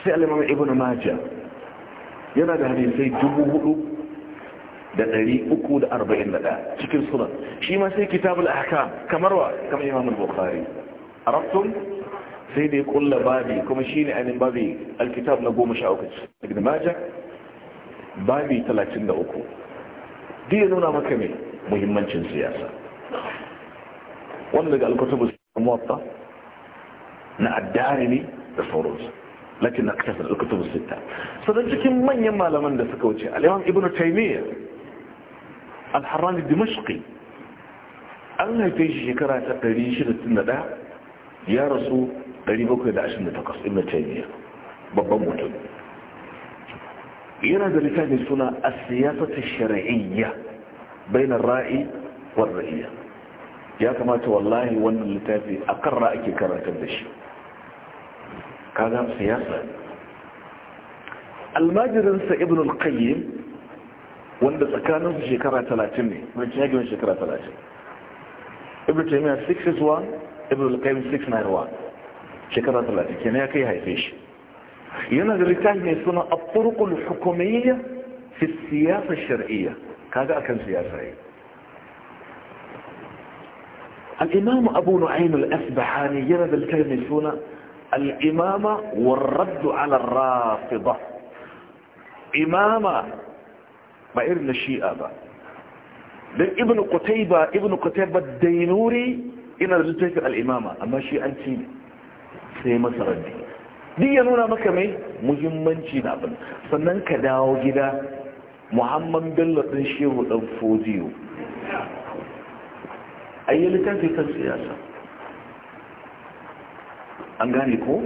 sai alimam ibn majah yana da hadisai dubu hudu da ɗari uku da arba'in da ɗaya cikin sunan shi ma sai kitabul ahkam kamar wa kamar imam al-bukhari arabtum sai dai kulla babi kuma shine ainihin babi alkitab na goma sha uku ibn majah babi talatin da uku duk ya nuna maka mai muhimmancin siyasa wanda daga alkutubu muwatta na addari ne da sauransu lakin na kasar alkutubus sita sadan cikin manyan malaman da suka wuce al-imam ibnu taymiya al-harrani dimashqi an haife shi shekara ta 661 ya rasu 728 ibnu taymiya babban mutum yana da littafin suna a siyasatu shar'iyya bain ar-ra'i wal-ra'iyya ya kamata wallahi wannan littafi akan ra'ake karantar da shi kaga siyasa almajirinsa ibn al-qayyim wanda tsakanin su shekara 30 ne wancan ya gina shekara 30 ibn taymiya 661 ibn al-qayyim 691 shekara 30 kenan ya kai haife shi yana da littafi mai suna afurkul hukumiyya fi siyasa shar'iyya kaga akan siyasa yi الإمام أبو نعيم الأسبحاني يرد الكلمة هنا al'imama warraddu alar ba. imama ba irin na shi'a ba don ibn kutaiba ibn dainuri ina da littafin al'imama amma shi an ci sai masa raddi duk ya nuna maka mai muhimmanci na abin sannan ka dawo gida muhammad bello ɗin shehu ɗan fodiyo a yi littafin kan siyasa an gane ko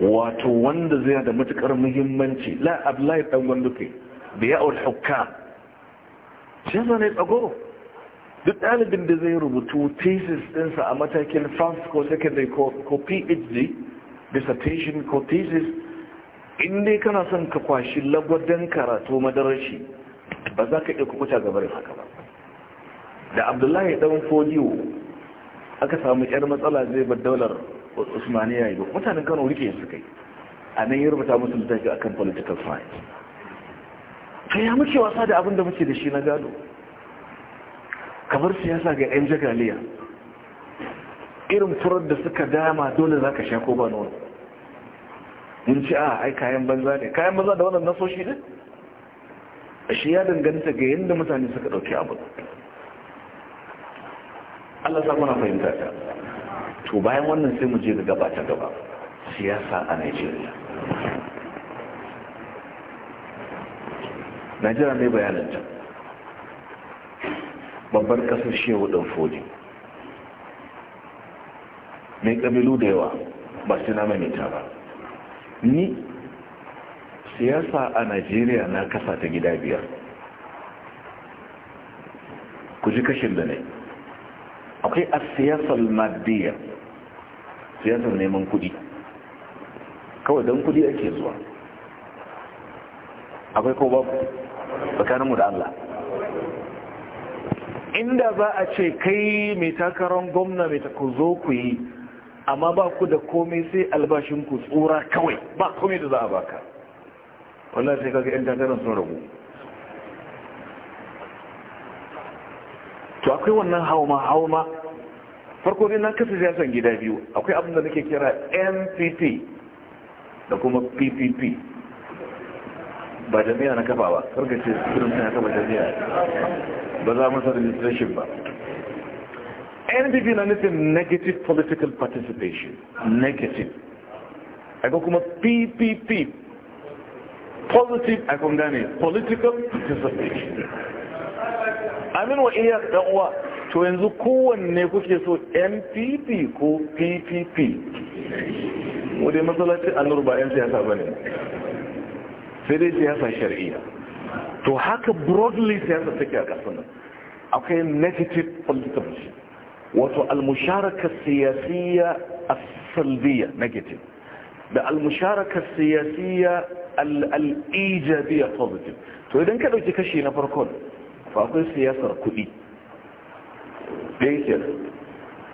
wato wanda zai da matukar muhimmanci la abdullahi dan wanda kai biya ul hukka shi ne tsago duk ɗalibin da zai rubutu thesis ɗinsa a matakin first ko secondary ko phd dissertation ko thesis in dai kana son ka kwashi lagwadon karatu madarashi ba za ka iya kukuta gabarin haka ba da abdullahi ɗan fodiyo aka samu 'yar matsala zai bar daular usmaniya yi mutanen kano rike su kai a nan yi rubuta musu littafi akan political science Ta ya muke wasa da abin da muke da shi na gado kamar siyasa ga 'yan jagaliya irin furar da suka dama dole za ka sha ko ba nuna mun ci a ah, ai kayan banza ne kayan banza da wannan nasoshi ne shi ya danganta ga yadda mutane suka ɗauki abu Allah sa muna fahimta ta to bayan wannan sai mu je ga gaba ta gaba siyasa a Najeriya. Najeriya ne bayanin ta babbar kasar shehu dan fodi mai kabilu da yawa ba su na ta ba ni siyasa a Najeriya na kasa ta gida biyar ku ji kashin da ne akwai a siyasar madiyar siyasar neman kudi kawai don kudi ake zuwa akwai ko babu tsakaninmu da Allah inda za a ce kai mai takarar gwamna mai ku zo ku yi amma ba ku da komai sai albashinku tsura kawai ba komai da za a baka wallah sai kaga 'yan takarar sun ragu to akwai wannan hauma hauma farko dai na kasa siyasan gida biyu akwai abin da nake kira npp da kuma ppp ba jami'a na kafa ba karkace ce irin suna kafa jami'a ba za da shi ba npp na nufin negative political participation negative akwai kuma ppp positive akwai gane political participation amin wa iya ɗan'uwa to yanzu kowanne kuke so npp ko ppp wadai matsalacin annur ba 'yan siyasa ba ne sai dai siyasa shari'a to haka broadly siyasa take a kasan akwai negative political wato almusharaka siyasiya a salbiya negative da almusharaka siyasiya al'ijabiya positive to idan ka ɗauki kashi na farkon fa akwai siyasar kuɗi ɗaya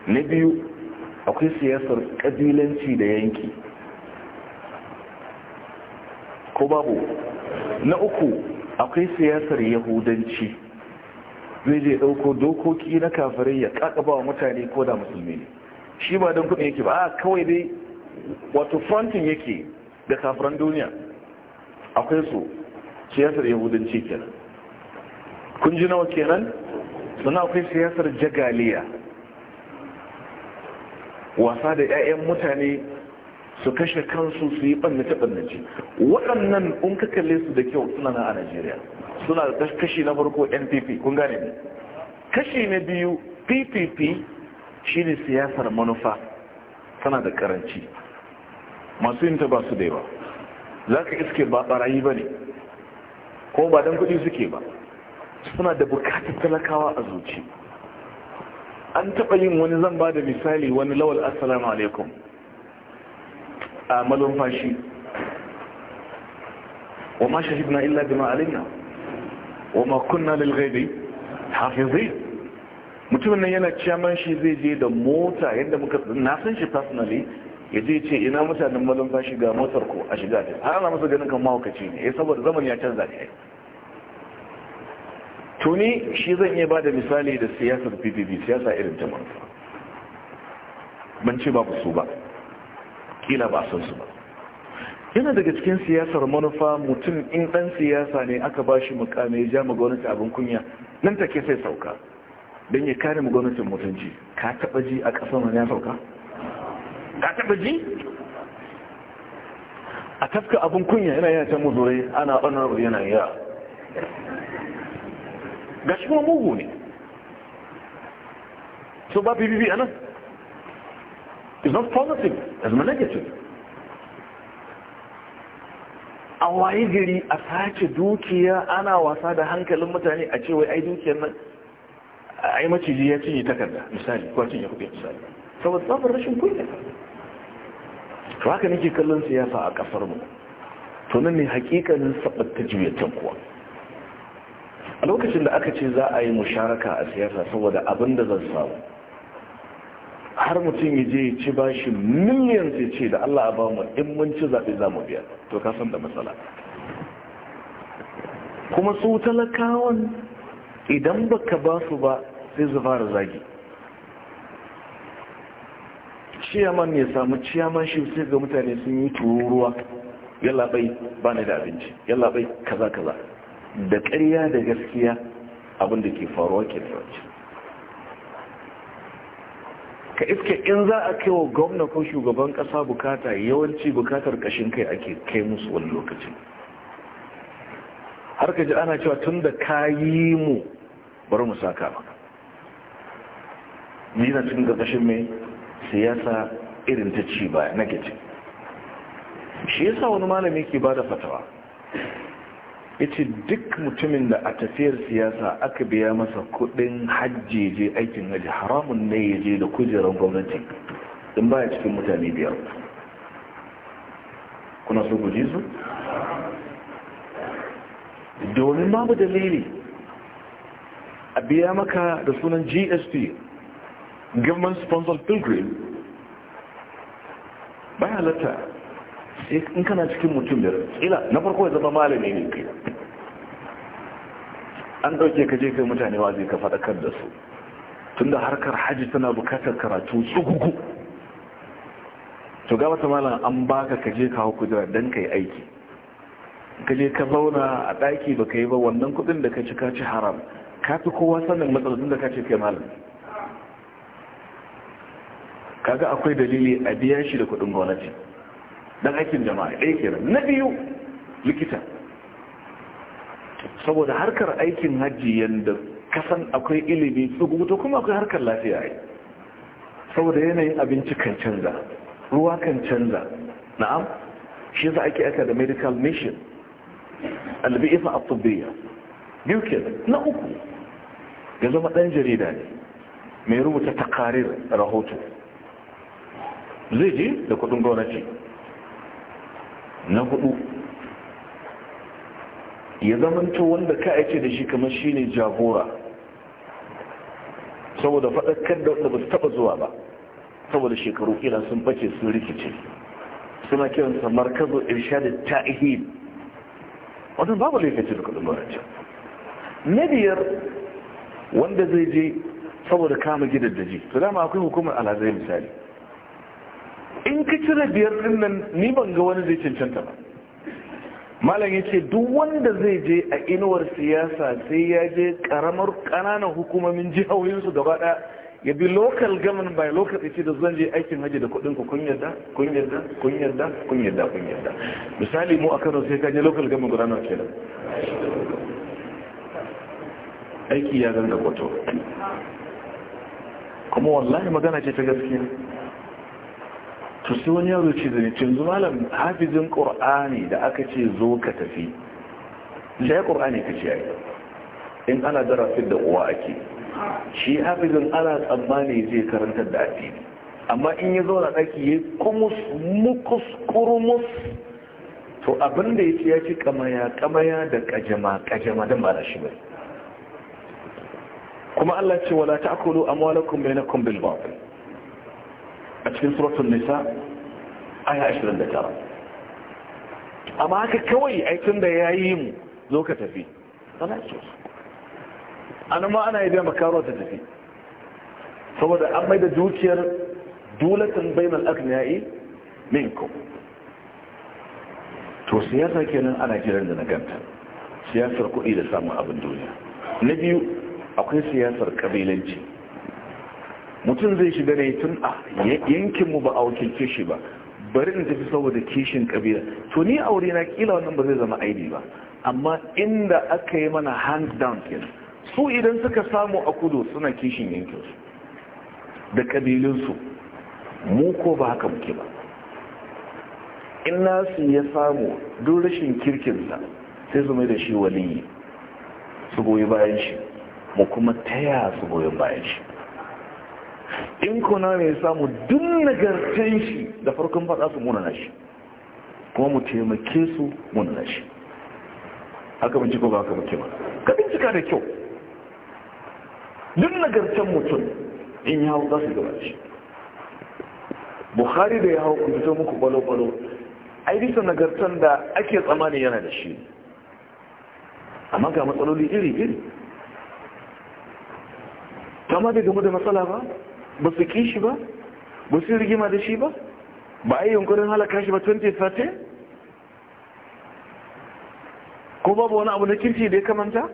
na biyu akwai siyasar ƙabilanci da yanki ko babu na uku akwai siyasar yahudanci zai je ɗauko dokoki na kafirai ya ƙaƙaba wa mutane ko da musulmi shi ba don kuɗi yake ba a kawai dai wato frontin yake da kafiran duniya akwai su siyasar yahudanci kenan kun ji nawa kenan suna akwai siyasar jagaliya wasa da 'ya'yan mutane su kashe kansu su yi ɓannace-ɓannace waɗannan in ka kalle su da kyau suna na a najeriya suna da kashi na farko npp kun gane ne kashi na biyu ppp shine siyasar manufa tana da karanci masu yinta ba su da yawa za ka iske ba ɓarayi ba ne ko ba don kuɗi suke ba suna da bukatar talakawa a zuci an taɓa yin wani zan ba da misali wani lawal assalamu alaikum a fashi. wa ma shahidna illa bima alimna wa ma kunna lil ghaibi hafizin mutumin nan yana man shi zai je da mota yadda muka na san shi personally ya je ce ina mutanen fashi ga motar ko a shiga ta har ana masa ganin kan mahaukaci ne eh, saboda zaman ya canza ne tuni shi zan iya ba da misali da siyasar pdp siyasa irin ta manufa ban ce babu su ba kila ba san su ba yana daga cikin siyasar manufa mutum in dan siyasa ne aka ba shi mukami ya ja mu gwamnati abin kunya nan take sai sauka don ya kare mu gwamnatin mutunci ka taba ji a ƙasar wani ya sauka ka taba ji a tafka abin kunya yana yana can muzurai ana honorable yana yara ga shi kuma mugu ne so ba ppp a nan is not positive as ma negative a waye gari a sace dukiya ana wasa da hankalin mutane a cewa ai dukiyar nan ai maciji ya cinye takarda misali ko cinye kuɗi misali saboda tsabar rashin kunya to haka nake kallon siyasa a kasar mu to nan ne hakikanin sabatta juyatan kuwa a lokacin da aka ce za a yi musharaka a siyasa saboda abin da zan samu har mutum ya je ya ci bashi miliyan sai ce da Allah ba mu in mun ci zaɓe za mu biya to ka san da matsala kuma su talakawan idan baka ba su ba sai su fara zagi ciyaman ya samu ciyaman shi sai ga mutane sun yi tururuwa yalla bai ba da abinci yalla bai kaza kaza da ƙarya da gaskiya abinda ke faruwa ke yawanci. ka iske in za a kai wa gwamna ko shugaban ƙasa bukata yawanci bukatar ƙashin kai ake kai musu wani lokaci. har ka ji ana cewa tun da ka yi mu bari mu saka maka ni na cikin ƙarƙashin mai siyasa irin ta ci baya na gaji shi yasa wani malami ke ba da fatawa ita duk mutumin da a tafiyar siyasa aka biya masa kudin hajji je aikin hajji haramun ne ya je da kujerar gwamnati in baya cikin mutane biyar kuna so ku ji su domin babu dalili a biya maka da sunan gsp government Sponsor pilgrim baya sai in kana cikin mutum biyar ila na farko ya zama malami ne kai an ɗauke ka je kai mutane zai ka faɗakar da su tun da harkar hajji tana bukatar karatu gugu to gaba ta malam an baka ka je kawo kujira don ka yi aiki ka je ka zauna a ɗaki ba ka yi ba wannan kudin da ka ci ka ci haram ka fi kowa sanin matsalolin da ka ce kai malam kaga akwai dalili a biya shi da kudin gwamnati dan aikin jama'a ɗaya kenan na biyu likita saboda harkar aikin hajji yadda kasan akwai ilimi tsuguto kuma akwai harkar lafiya ai saboda yanayin abinci kan canza ruwa kan canza na'am shi za a ke aka da medical mission albi'ifa a tsubbiya biyu na uku ya zama ɗan jarida ne mai rubuta takarir rahoto zai je da kudin gwamnati na hudu ya zamanta wanda ka aice da shi kamar shi ne jagora saboda faɗakar da wanda ba su taɓa zuwa ba saboda shekaru ila sun face sun rikice suna kiransa markazo da ta'ihil wadda babu laifacin da kudin loraci na biyar wanda zai je saboda kama gidan daji to dama akwai hukumar alazai misali in ka cire biyar ɗin nan ni ban ga wani zai cancanta ba malam ya ce duk wanda zai je a inuwar siyasa sai ya je karamar kananan hukumomin su gaba ɗaya ya bi local government by local ce da zan je aikin haji da kuɗin ku kun yarda kun yarda kun yarda kun yarda kun yarda misali mu a Kano sai ka je local government gurana ke kenan aiki ya ganga kwato kuma wallahi magana ce ta gaskiya to sai wani yaro ce zane ce yanzu malam hafizin ƙur'ani da aka ce zo ka tafi sai ya ƙur'ani ka ce in ana zarafin da uwa ake shi hafizin ana tsammani zai karantar da addini amma in ya zauna ɗaki ya kumus mukus kurumus to abin da ya ce ya ci kamaya kamaya da kajama kajama don ba na shi bai kuma Allah ce wala ta'kulu amwalakum bainakum bil batil a cikin suratun nisa aya 29 amma haka kawai aikin da ya yi mu zo ka tafi sana ce an ma ana yi biya makarwa ta tafi saboda an mai da dukiyar dulatan bainar yi minkum to siyasa kenan ana jiran da na ganta siyasar kuɗi da samun abin duniya na biyu akwai siyasar ƙabilanci mutum zai shiga ne tun a yankinmu ba a wakilce shi ba bari in tafi saboda kishin kabila to ni aure na kila wannan ba zai zama aini ba amma inda aka yi mana hand down kin su idan suka samu a kudu suna kishin yankinsu da kabilinsu mu ko ba haka muke ba in nasu ya samu duk rashin kirkinsa sai su mai da shi waliyi su goyi bayan shi mu kuma taya su goyi bayan shi in kuna ne samu duk nagartan shi da farkon fada su munana shi kuma mu taimake su munana shi aka binciko ba aka binciko ka bincika da kyau duk nagartan mutum in ya hau za su gaba shi buhari da ya hau kun fito muku balo-balo a yi bisa nagartan da ake tsamanin yana da shi amma ga matsaloli iri-iri kama da game da matsala ba ba su ki shi ba ba su rigima da shi ba ba a yi yunkurin halaka shi ba 2013 ko babu wani abu na kirki da ya kamanta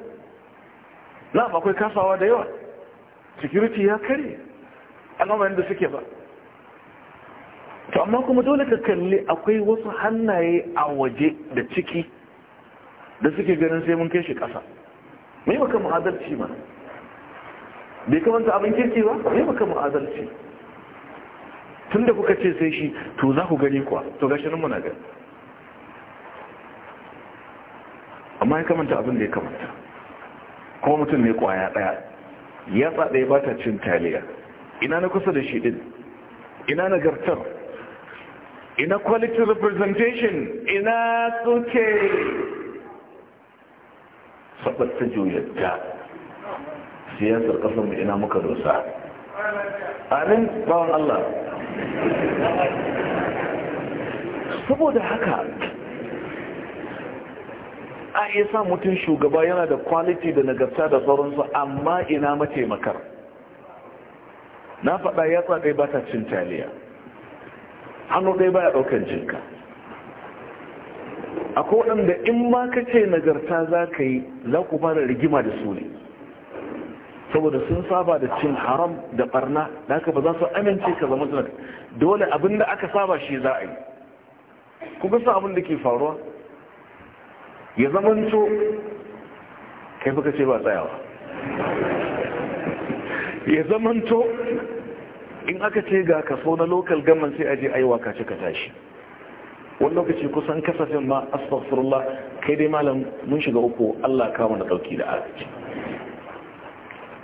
na akwai kasawa da yawa security ya kare al'amarin da suke ba to amma kuma dole ka kalli akwai wasu hannaye a waje da ciki da suke ganin sai mun kai shi ƙasa mai maka ma'adarci mana bai kamanta abin kirki ba bai maka ma'azalci tun da kuka ce sai shi to za ku gani kuwa to gashi nan muna gani amma ya kamanta abin da ya kamanta kuma mutum ne kwaya daya ya tsada ya bata cin taliya ina na kusa da shi din ina nagartar ina quality representation ina tsoke sabar ta juyar siyasar kasar mu ina muka dosa amin bawon Allah saboda haka a iya sa mutum shugaba yana da kwaliti da nagarta da sauransu amma ina mataimakar na faɗa ya tsaɗai ba ta cin taliya hannu ɗaya ba ya ɗaukan jinka akwai waɗanda in ma ka ce nagarta za ka yi za ku fara rigima da su ne saboda sun saba da cin haram da barna da haka ba za su amince ka zama suna dole abin da aka saba shi za a yi kuma sa abin da ke faruwa ya zama to kai baka ce ba tsayawa ya zama to in aka ce ga kaso na lokal gaman sai aje aiwa ka ce ka tashi wani lokaci kusan kasafin ma astaghfirullah kai dai malam mun shiga uku Allah kama na dauki da agaji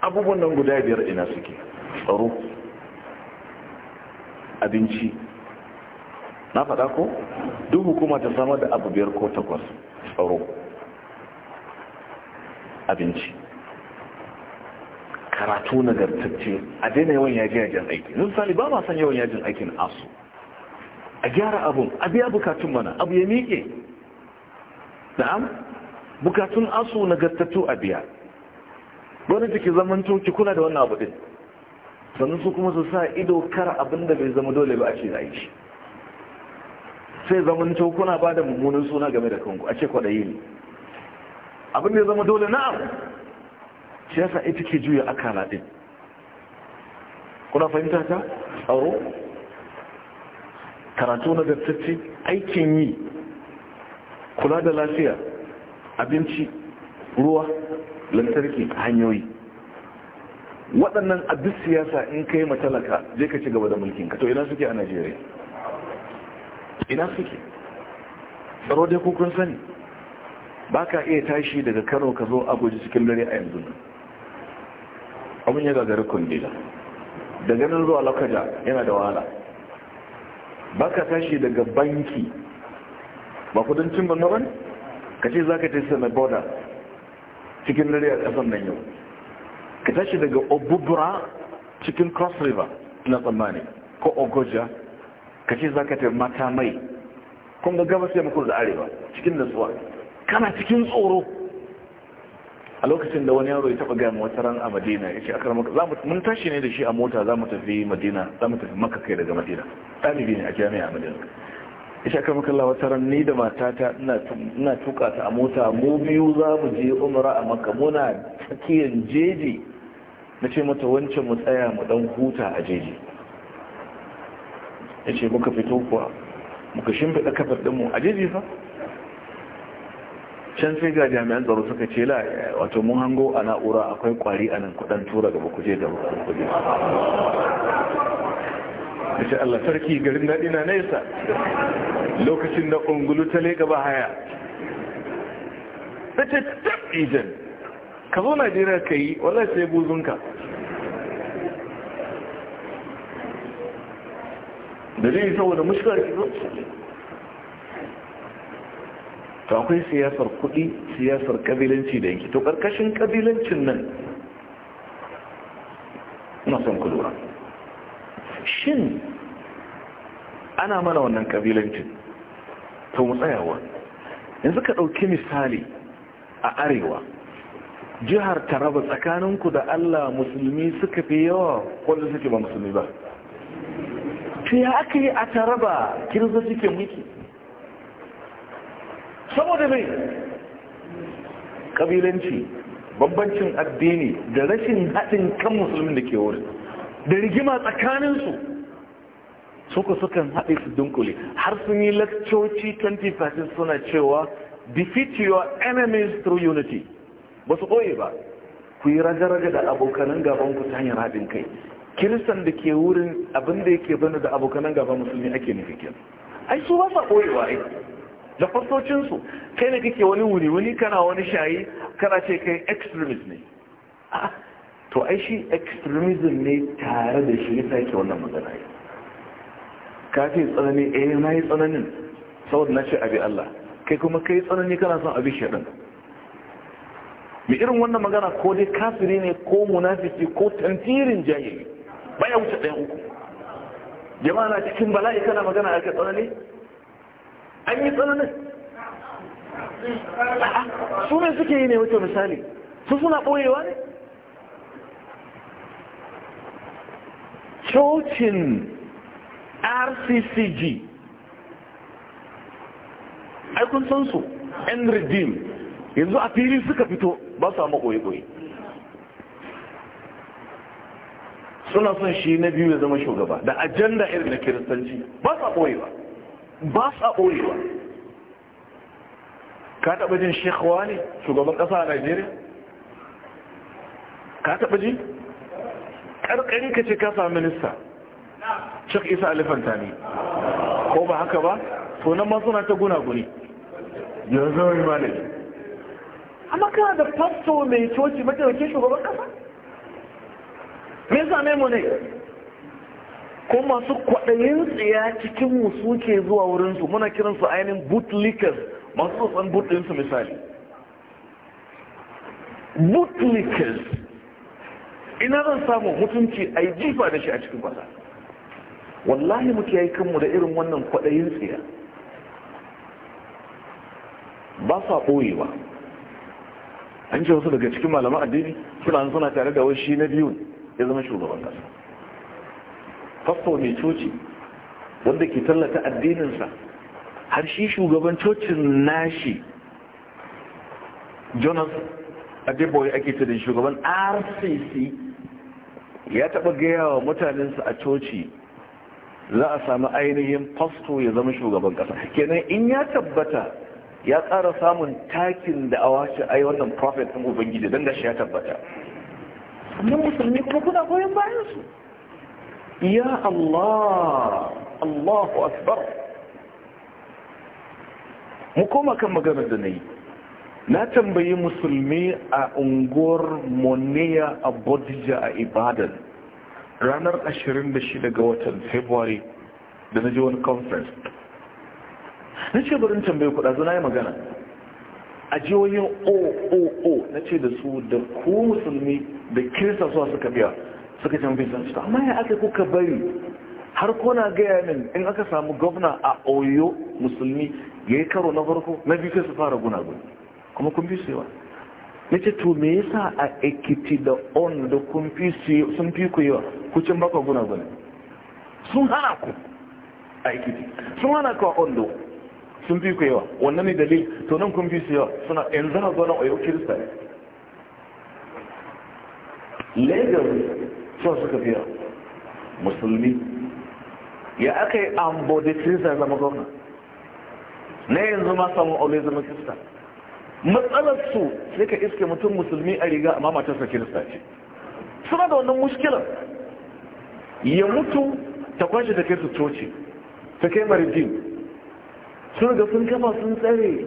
abubuwan nan guda biyar ina suke tsaro abinci na faɗa ko duk hukuma ta samar da abu biyar ko takwas tsaro abinci karatu nagartacce a daina yawan yaji yajin aiki misali ba ma san yawan yajin aikin asu a gyara abun a biya bukatun mana abu ya miƙe na'am bukatun asu nagartattu a biya wani ki zaman ki kuna da wannan abu din sannan su kuma su sa ido kar abin da bai zama dole ba a ce zai ci sai zaman kuna ba da mummunan suna game da kanku a ce kwaɗayi ne abin da ya zama dole abu shi yasa ita ke juya kana din kuna fahimta ta tsaro karatu na dattacci aikin yi kula da lafiya abinci ruwa lantarki hanyoyi waɗannan abin siyasa in ka yi matalaka je ka ci gaba da mulkin ka, to ina suke a najeriya ina suke tsaro dai kukun sani ba ka iya tashi daga kano ka zo abuja cikin dare a yanzu abin ya gagari kundila Da ganin zuwa lokaja yana da wahala ba ka tashi daga banki ba kudancin borno wani? ka ce za ka taisa na border cikin dare a ƙasar nan yau ka tashi daga obubura cikin cross river na tsammani ko ogoja ka ce za ka tafi mata mai kun ga gabas yamma da arewa cikin da tsuwa kana cikin tsoro a lokacin da wani yaro ya taba gaya wata ran a madina ya ce a karamar mun tashi ne da shi a mota za mu tafi madina za mu tafi maka kai daga madina ɗalibi ne a jami'a madina isa kama kalla wata ranni da matata ina tuka ta a mota mu biyu za mu je umara a maka muna tsakiyar jeji na ce mata wancan mu tsaya mu dan huta a jeji ya ce muka fito kuwa muka shimfiɗa kafar ɗinmu a jeji fa can sai ga jami'an tsaro suka ce la wato mun hango a na'ura akwai kwari a nan kudan tura gaba kuje da kuje da Allah sarki garin daɗi na nesa lokacin da ungulu ta lega ba haya ta ce idan ka zo najeriya ka yi wallahi sai buzunka da zai saboda mushkar zo to akwai siyasar kuɗi siyasar kabilanci da yanki to ƙarƙashin kabilancin nan na son kulura shin ana mana wannan kabilancin ta mutsayawa yanzu ka ɗauki misali a arewa jihar taraba tsakaninku da allah musulmi suka fi yawa wanda suke ba musulmi ba ta ya aka yi a taraba kirza suke mulki saboda mai kabilanci babbancin addini da rashin haɗin kan musulmin da ke wuri. da rigima tsakaninsu suka suka haɗe su dunkule har sun yi lakcoci 20% suna cewa defeat your enemies through unity ba su ɓoye ba ku yi raga-raga da abokanan gaban ku ta hanyar haɗin kai kiristan da ke wurin abin da yake bane da abokanan gaban musulmi ake nufikin ai su ba sa ɓoyewa ai da fasocinsu kai ne kake wani wuri wani kana wani shayi kana ce kai extremist ne to ai shi extremism ne tare da shi ta yake wannan magana yi ka ce tsanani eh na yi tsananin saboda na ce abi Allah kai kuma kai tsanani kana son abi shaɗan mai irin wannan magana ko dai kafiri ne ko munafiki ko tantirin jahili baya wuce ɗaya uku jama'a na cikin bala'i kana magana a tsanani an yi tsananin su ne suke yi ne wuce misali su suna ɓoyewa ne cocin rccg aikun san su yan redeem yanzu a fili suka fito ba su samu ɓoye suna son shi na biyu ya zama shugaba da ajanda irin na kiristanci ba su ɓoyewa ba sa ɓoyewa ka taɓa jin shekwa ne shugaban ƙasa a nigeria ka taɓa jin ƙarƙari ka ce ka minista shek isa alifanta ne ko ba haka ba to nan ma suna ta gunaguni yanzu wani malami amma kana da fasto mai coci mataimakin shugaban kasa? me yasa ne mu ne ko masu kwaɗayin tsaya cikin musu ke zuwa wurinsu muna kiransu ainihin bootlickers masu tsotsan bootlinsu misali bootlickers ina zan samu mutunci a yi jifa da shi a cikin kwasa? wallahi muke yi kanmu da irin wannan kwaɗayin tsira ba sa ɓoyewa an ce wasu daga cikin malaman addini suna suna tare da shi na biyu ya zama shugaban kasa. fasto mai coci wanda ke tallata addininsa har shi shugaban cocin nashi jonas adeboy ake ce da shugaban rcc ya taɓa gaya wa mutanensa a coci za a sami ainihin fasto ya zama shugaban ƙasa kenan in ya tabbata ya ƙara samun takin da a wace ai wannan prophet ɗin ubangiji don gashi ya tabbata amma musulmi kuma kuna goyon bayan su ya Allah Allahu akbar mu koma kan maganar da na yi na tambayi musulmi a unguwar moniya a bodija a ibadan ranar 26 ga watan february da na ji wani conference na ce barin tambayi kuɗa na yi magana a jihohin ooo na ce da su da ku musulmi da kirista suwa suka biya suka amma ya aka kuka bari har kona gaya min in aka samu gwamna a oyo musulmi ya yi karo na farko na biyu sai su fara guna-guna kuma kun fi siwa ya ce to me yasa a ekiti da on da kun fi sun fi ku yawa kucin baka guna guna sun hana ku a ekiti sun hana ku a on da sun fi ku yawa wannan ne dalil to nan kun fi siwa suna yanzu na zo nan oyo kirista ne lagos sun suka fiya musulmi ya aka yi ambo da kirista zama gwamna na yanzu ma samun ole zama kirista su sai ka iske mutum musulmi a riga amma matarsa kirista ce suna da wannan muskilar ya mutu ta kwashe ta kai su coci ta kai marijin sun ga sun kama sun tsare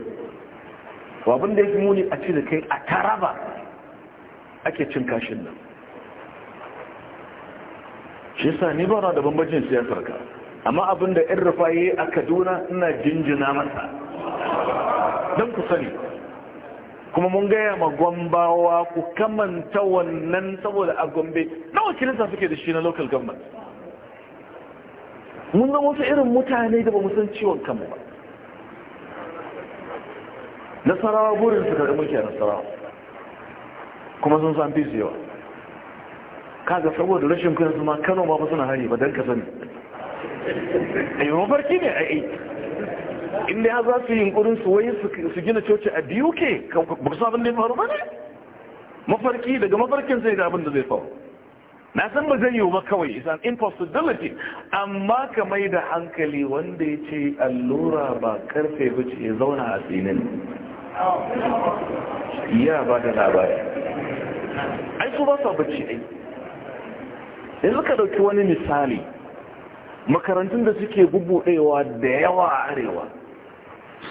wabin da ya fi muni a ci da kai a taraba ake cin kashin nan shi sa ni ba na da bambajin siyasar ka amma abin da yan rufaye a kaduna ina jinjina masa don ku sani kuma mun gaya ma gwambawa ku kamanta wannan saboda a gombe na wakilinsa suke da shi na local government mun zama wasu irin mutane da ba mu san ciwon kanmu ba nasarawa burin su karɓi mulki a nasarawa kuma sun san fisu yawa kaga saboda rashin kuyan su ma kano ma ba suna hari ba don ka sani a yi mafarki ne a yi in ya za su yi yunkurin su wai su gina coci a Duk. ba su abin da ya faru ba ne mafarki daga mafarkin zai ga abin da zai faru na san ba zai yiwu ba kawai is an impossibility amma ka mai da hankali wanda ya ce allura ba karfe ba ce ya zauna a tsinin ya ba da labari ai su ba su bacci ai yanzu ka dauki wani misali makarantun da suke bubuɗewa da yawa a arewa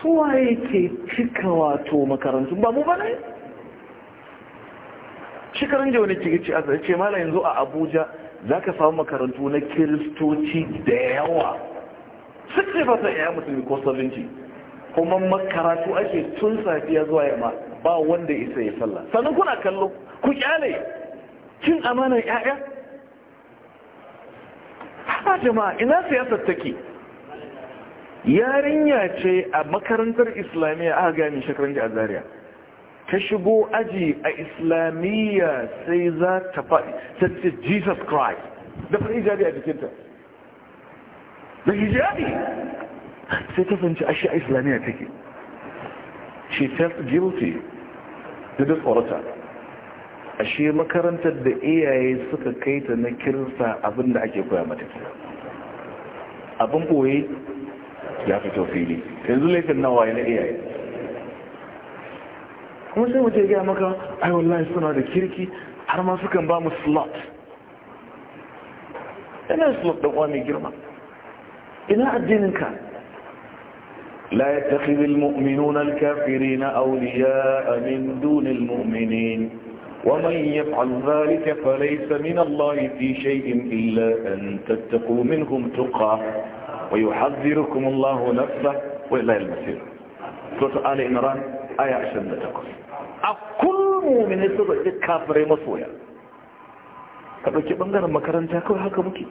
suwa yake cika wato makarantu ba mu shekarun shekaran ne ke cikici a ce mala yanzu a abuja za ka samu makarantu na kiristoci da yawa 60% ya musulmi ko sabinci kuma makaratu ake tun safiya zuwa yamma ba wanda isa ya sallah sannan kuna kallo ku kyale cin amanar 'ya'ya ha jama'a ina siyasar take yarinya ce a makarantar islamiyya aka gami shakaranci a zariya ta shigo aji a islamiyya sai za ta faɗi ta ce jesus christ da faɗi hijabi a jikinta da hijabi sai ta fanci ashe a islamiyya take she felt guilty da this tsorata ashe makarantar da iyaye suka kaita na kirsa abinda ake koya mata abin ɓoye ya fito fili yanzu laifin nawa na iyaye kuma sai mutum ya gaya maka ai wallahi suna da kirki har ma sukan ba mu slot yana slot da kwa girma ina addininka لا يتخذ المؤمنون الكافرين أولياء من دون المؤمنين ومن يفعل ذلك فليس من الله في شيء إلا أن تتقوا منهم تقى wa yuhadhdhirukum Allahu nafsa wa ilayhi al-masir sura ali imran aya 28 a kullum mu'mini su da kafirai masoya ka dauki bangaren makaranta kawai haka muke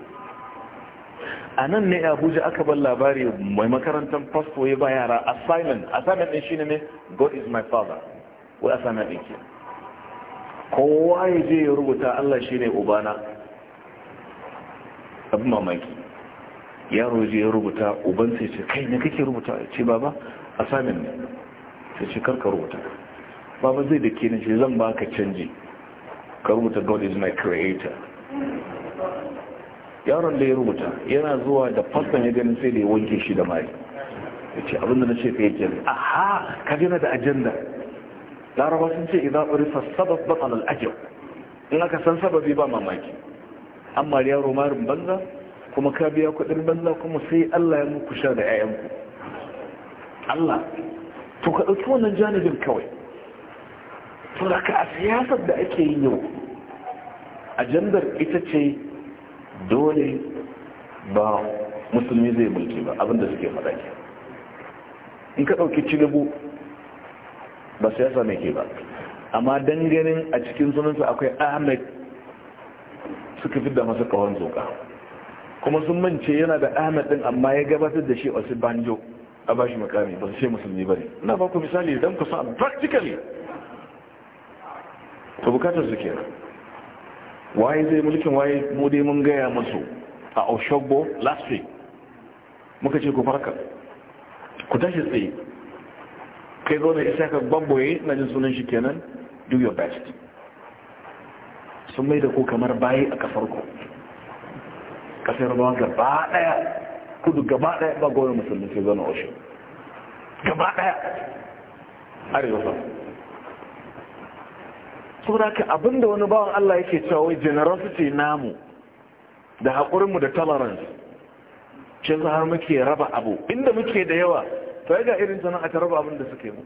a nan ne abuja aka bar labari mai makarantar fasfo ya ba yara assignment assignment ne god is my father wai assignment din ke kowa ya ya rubuta allah shine ubana abin mamaki yaro je ya rubuta uban sai ce kai ne kake rubuta ce baba a samin ne sai ce karka rubuta baba zai da ke ce zan ba ka canji ka rubuta god is my creator yaron da ya rubuta yana zuwa da fasan ya gani sai da ya wanke shi da mai ya ce abinda na ce ka yake ne aha ka gina da ajanda laraba sun ce idan urifa sabab batsalar ajiyar in aka san sababi ba mamaki amma yaro marin banza kuma ka biya kudin banza kuma sai Allah ya muku sha da 'ya'yanku Allah to ka ɗauki wannan janibin kawai to da ka a siyasar da ake yi yau ajandar ita ce dole ba musulmi zai mulki ba abinda suke faɗa in ka ɗauki cilibu ba siyasa ne ke ba amma dangane a cikin sunansa akwai ahmed suka fi da masu kawon zoka kuma sun mance yana da ahmad din amma ya gabatar da shi a su banjo a ba shi makami ba su ce musulmi ba ne na ba ku misali don ku sa practically ta bukatar su kenan waye zai mulkin waye mu dai mun gaya musu a oshogbo last week muka ce ku farka ku tashi tsaye kai zo da isa ka gbamboye na jin sunan shi kenan do your best sun mai da ku kamar bayi a kafarku kasar ruwan gaba daya kudu gaba daya ba gwamnan musulmi sai zana oshin gaba daya arewa Su saboda ka abinda wani bawan Allah yake cewa generosity namu da haƙurinmu da tolerance ce za har muke raba abu inda muke da yawa to yi ga irin sanar a ta raba abin da suke mu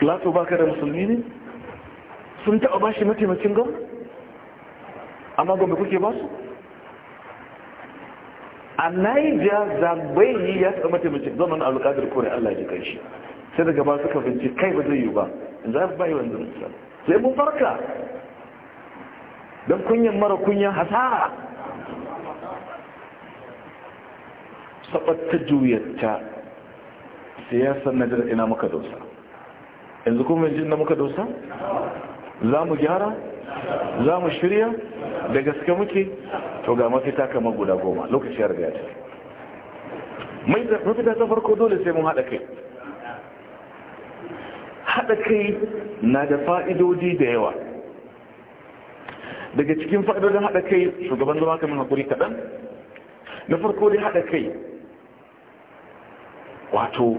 plato baka da musulmi ne sun taɓa ba shi mataimakin gwamnati amma gombe kuke ba su a naija yi ya taɓa mataimakin zaman alƙadar kore allah ji kai shi sai daga ba suka binci kai ba zai yi ba in za ba yi wanzu musa sai mun farka don kunyan mara kunyan hasara saɓatta juyatta siyasar najar ina muka dosa yanzu kuma yanzu na muka dosa za mu gyara za mu shirya da gaske muke to ga mafita kamar guda goma lokaci ya riga ya mafita ta farko dole sai mun haɗa kai haɗa kai na da fa'idodi da yawa daga cikin fa'idodin haɗa kai shugaban zama kamar haƙuri kaɗan na farko dai haɗa kai wato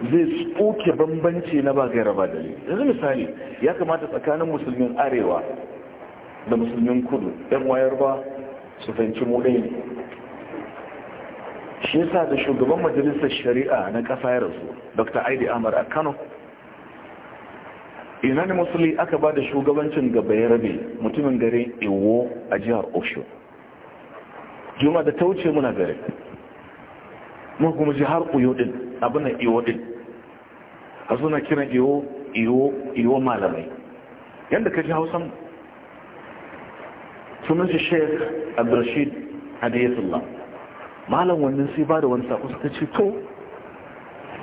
zai tsoke bambanci na ba gaira ba dalil yanzu misali ya kamata tsakanin musulmin arewa da musulmin kudu yan wayar ba su fahimci mu ɗaya ne shi yasa da shugaban majalisar shari'a na kasa ya rasu dr aidi amar a kano ina ne musulmi aka ba da shugabancin ga bayarabe mutumin garin iwo a jihar osho juma da ta wuce muna gare mu kuma jihar uyo din abin nan iwo din a suna kiran iwo iwo iwo malamai yadda ka ji hausan sunan shi sheik abdurrashid hadiyatullah malam wannan sai ba da wani sako suka ce to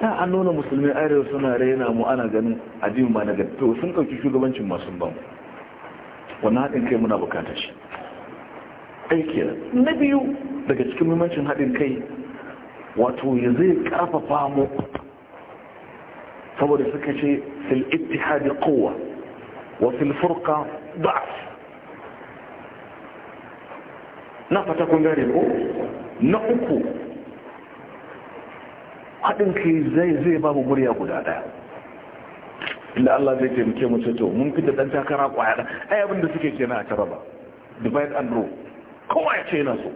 na an nuna musulmi arewa suna raina mu ana ganin addini ma na gani to sun ɗauki shugabancin masu ban wannan haɗin kai muna bukatar shi aiki na biyu daga cikin muhimmancin haɗin kai wato ya zai karfafa mu saboda suka ce fil ittihadi kowa wa fil furqa ba na fata kun ko na uku haɗin kai zai zai babu murya guda ɗaya inda Allah zai taimake mu ce to mun fita dan takara kwaya da ai abin da suke kenan a taraba divide and rule kowa ya ce yana so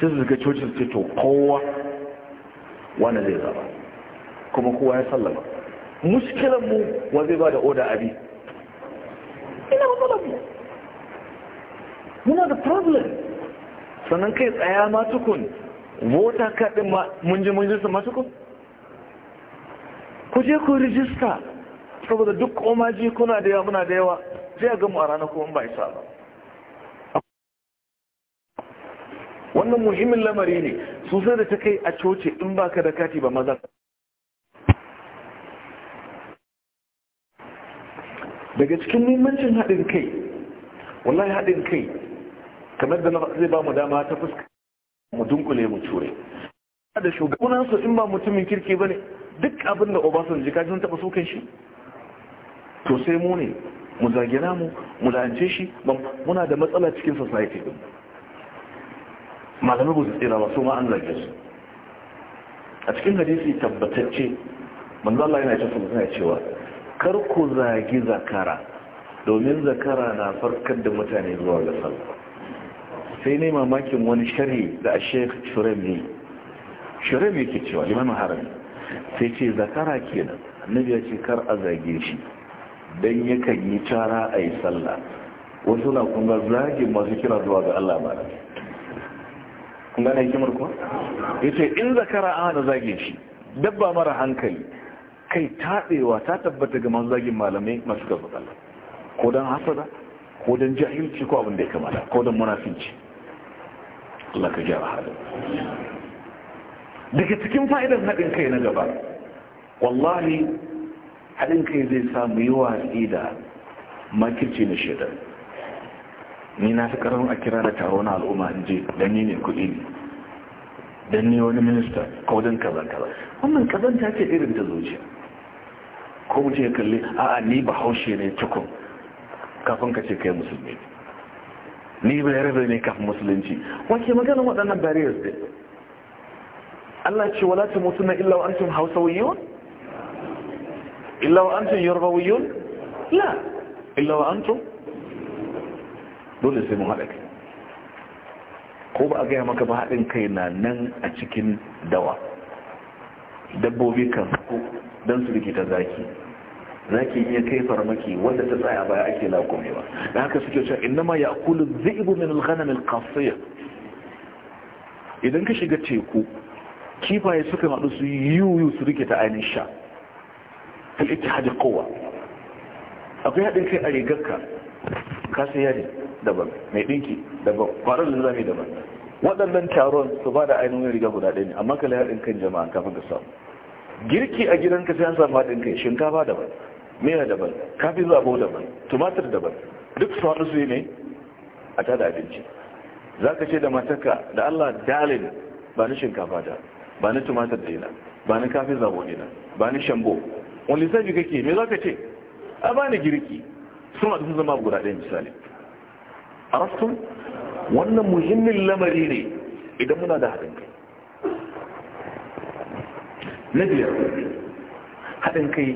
sai zuga cocin ce to kowa wani zai zaba kuma kowa ya sallama muskilan mu wa zai ba da oda abi ina matsalar mu muna da problem sannan kai tsaya ma tukun vota kaɗin mun munji mun matukun ma tukun ku je ku rijista saboda duk omaji kuna da yawa muna da yawa zai ga mu a ranar kuma ba isa ba wannan muhimmin lamari ne su sai da ta kai a coci in ba ka da kati ba maza daga cikin muhimmancin haɗin kai wallahi haɗin kai kamar da zai ba mu dama ta fuska mu dunkule mu ture da su in ba mutumin kirki ba ne duk abin da jika kajin taɓa sukan shi to sai mu ne mu zage mu, mu la'ance shi muna da matsala cikin society din malamai ba tsira ba su ma an su a cikin hadisi tabbatacce manzo Allah yana cewa suna cewa kar ku zagi zakara domin zakara na farkar da mutane zuwa ga sallah sai ne mamakin wani sharhi da sheikh shuremi shuremi ke cewa limanin harami sai ce zakara kenan annabi ya ce kar a zage shi Dan yakan yi tara a yi sallah wasu na kuma zage masu kira zuwa ga Allah ba gane hikimar kuwa ya ce in zakara an hana zage shi dabba mara hankali kai taɗewa ta tabbata ga masu zagin malamai masu gaba ko don hasada ko don jahilci ko abin da ya kamata ko don munafinci Allah ka gyara hada daga cikin fa'idan haɗin kai na gaba wallahi haɗin kai zai samu yi watsi da makirci na shaidar. ni na fi karamin a kira da taro na al'umma in je don ni ne kuɗi ne don ni wani minista ko don kaza-kaza. wannan kazan ta ce irin ta zuciya ko mu ce kalli a'a ni ba haushe ne tukun kafin ka ce kai musulmi ni ba ya ne kafin musulunci wace maganin waɗannan barriers ɗin Allah ce wala ta mutu na illa wa antum hausawiyun illa Yorba antum yorubawiyun la illawa an tun dole sai mun haɗa kai ko ba a gaya maka ba haɗin kai na nan a cikin dawa dabbobi kan don su rikita zaki zaki iya kai farmaki wanda ta tsaya baya ake ba. da haka suke cewa ma ya kulu zaibu min alghanam alqasiya idan ka shiga teku kifaye suka haɗu su yuyu su rikita ainin sha fil ittihad kowa akwai haɗin kai a rigarka ka sai yare daban mai ɗinki daban kwarar da zami daban waɗannan taron su ba da ainihin riga guda ɗaya ne amma kala haɗin kan jama'a kafin ka samu girki a gidan ka sayan samu haɗin kai shinkafa daban mera daban kafin zabo daban tumatir daban duk su haɗu su ne a tada abinci za ka ce da mataka da allah dalin ba ni shinkafa da ba ni tumatir da ina ba ni kafin zabo yana ba ni shambo wani lissafi kake me za ka ce a ba ni girki sun haɗu sun zama guda ɗaya misali arastun wannan muhimmin lamari ne idan muna da haɗin kai na biyar haɗin kai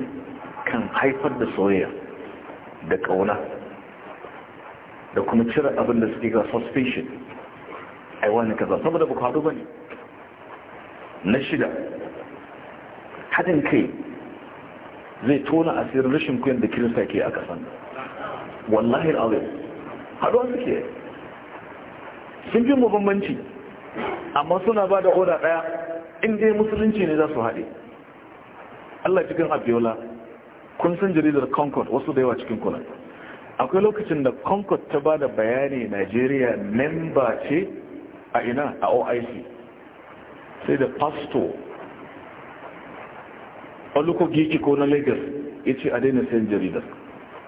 kan haifar da soyayya da ƙauna da kuma cire abin da suke ga suspicion aiwa ne kaza saboda ba ba ne na shida haɗin kai zai tona asirin rashin kuyan da kirista ke a ƙasan wallahi al'adun haɗuwa suke sun fi mu amma suna ba da oda ɗaya inda ya musulunci ne za su haɗe allah cikin abiola kun san jaridar concord wasu da yawa cikin kuna akwai lokacin da concord ta ba da bayani nigeria memba ce a ina a oic sai da pastor oluko giki ko na lagos ya ce a daina sayan jaridar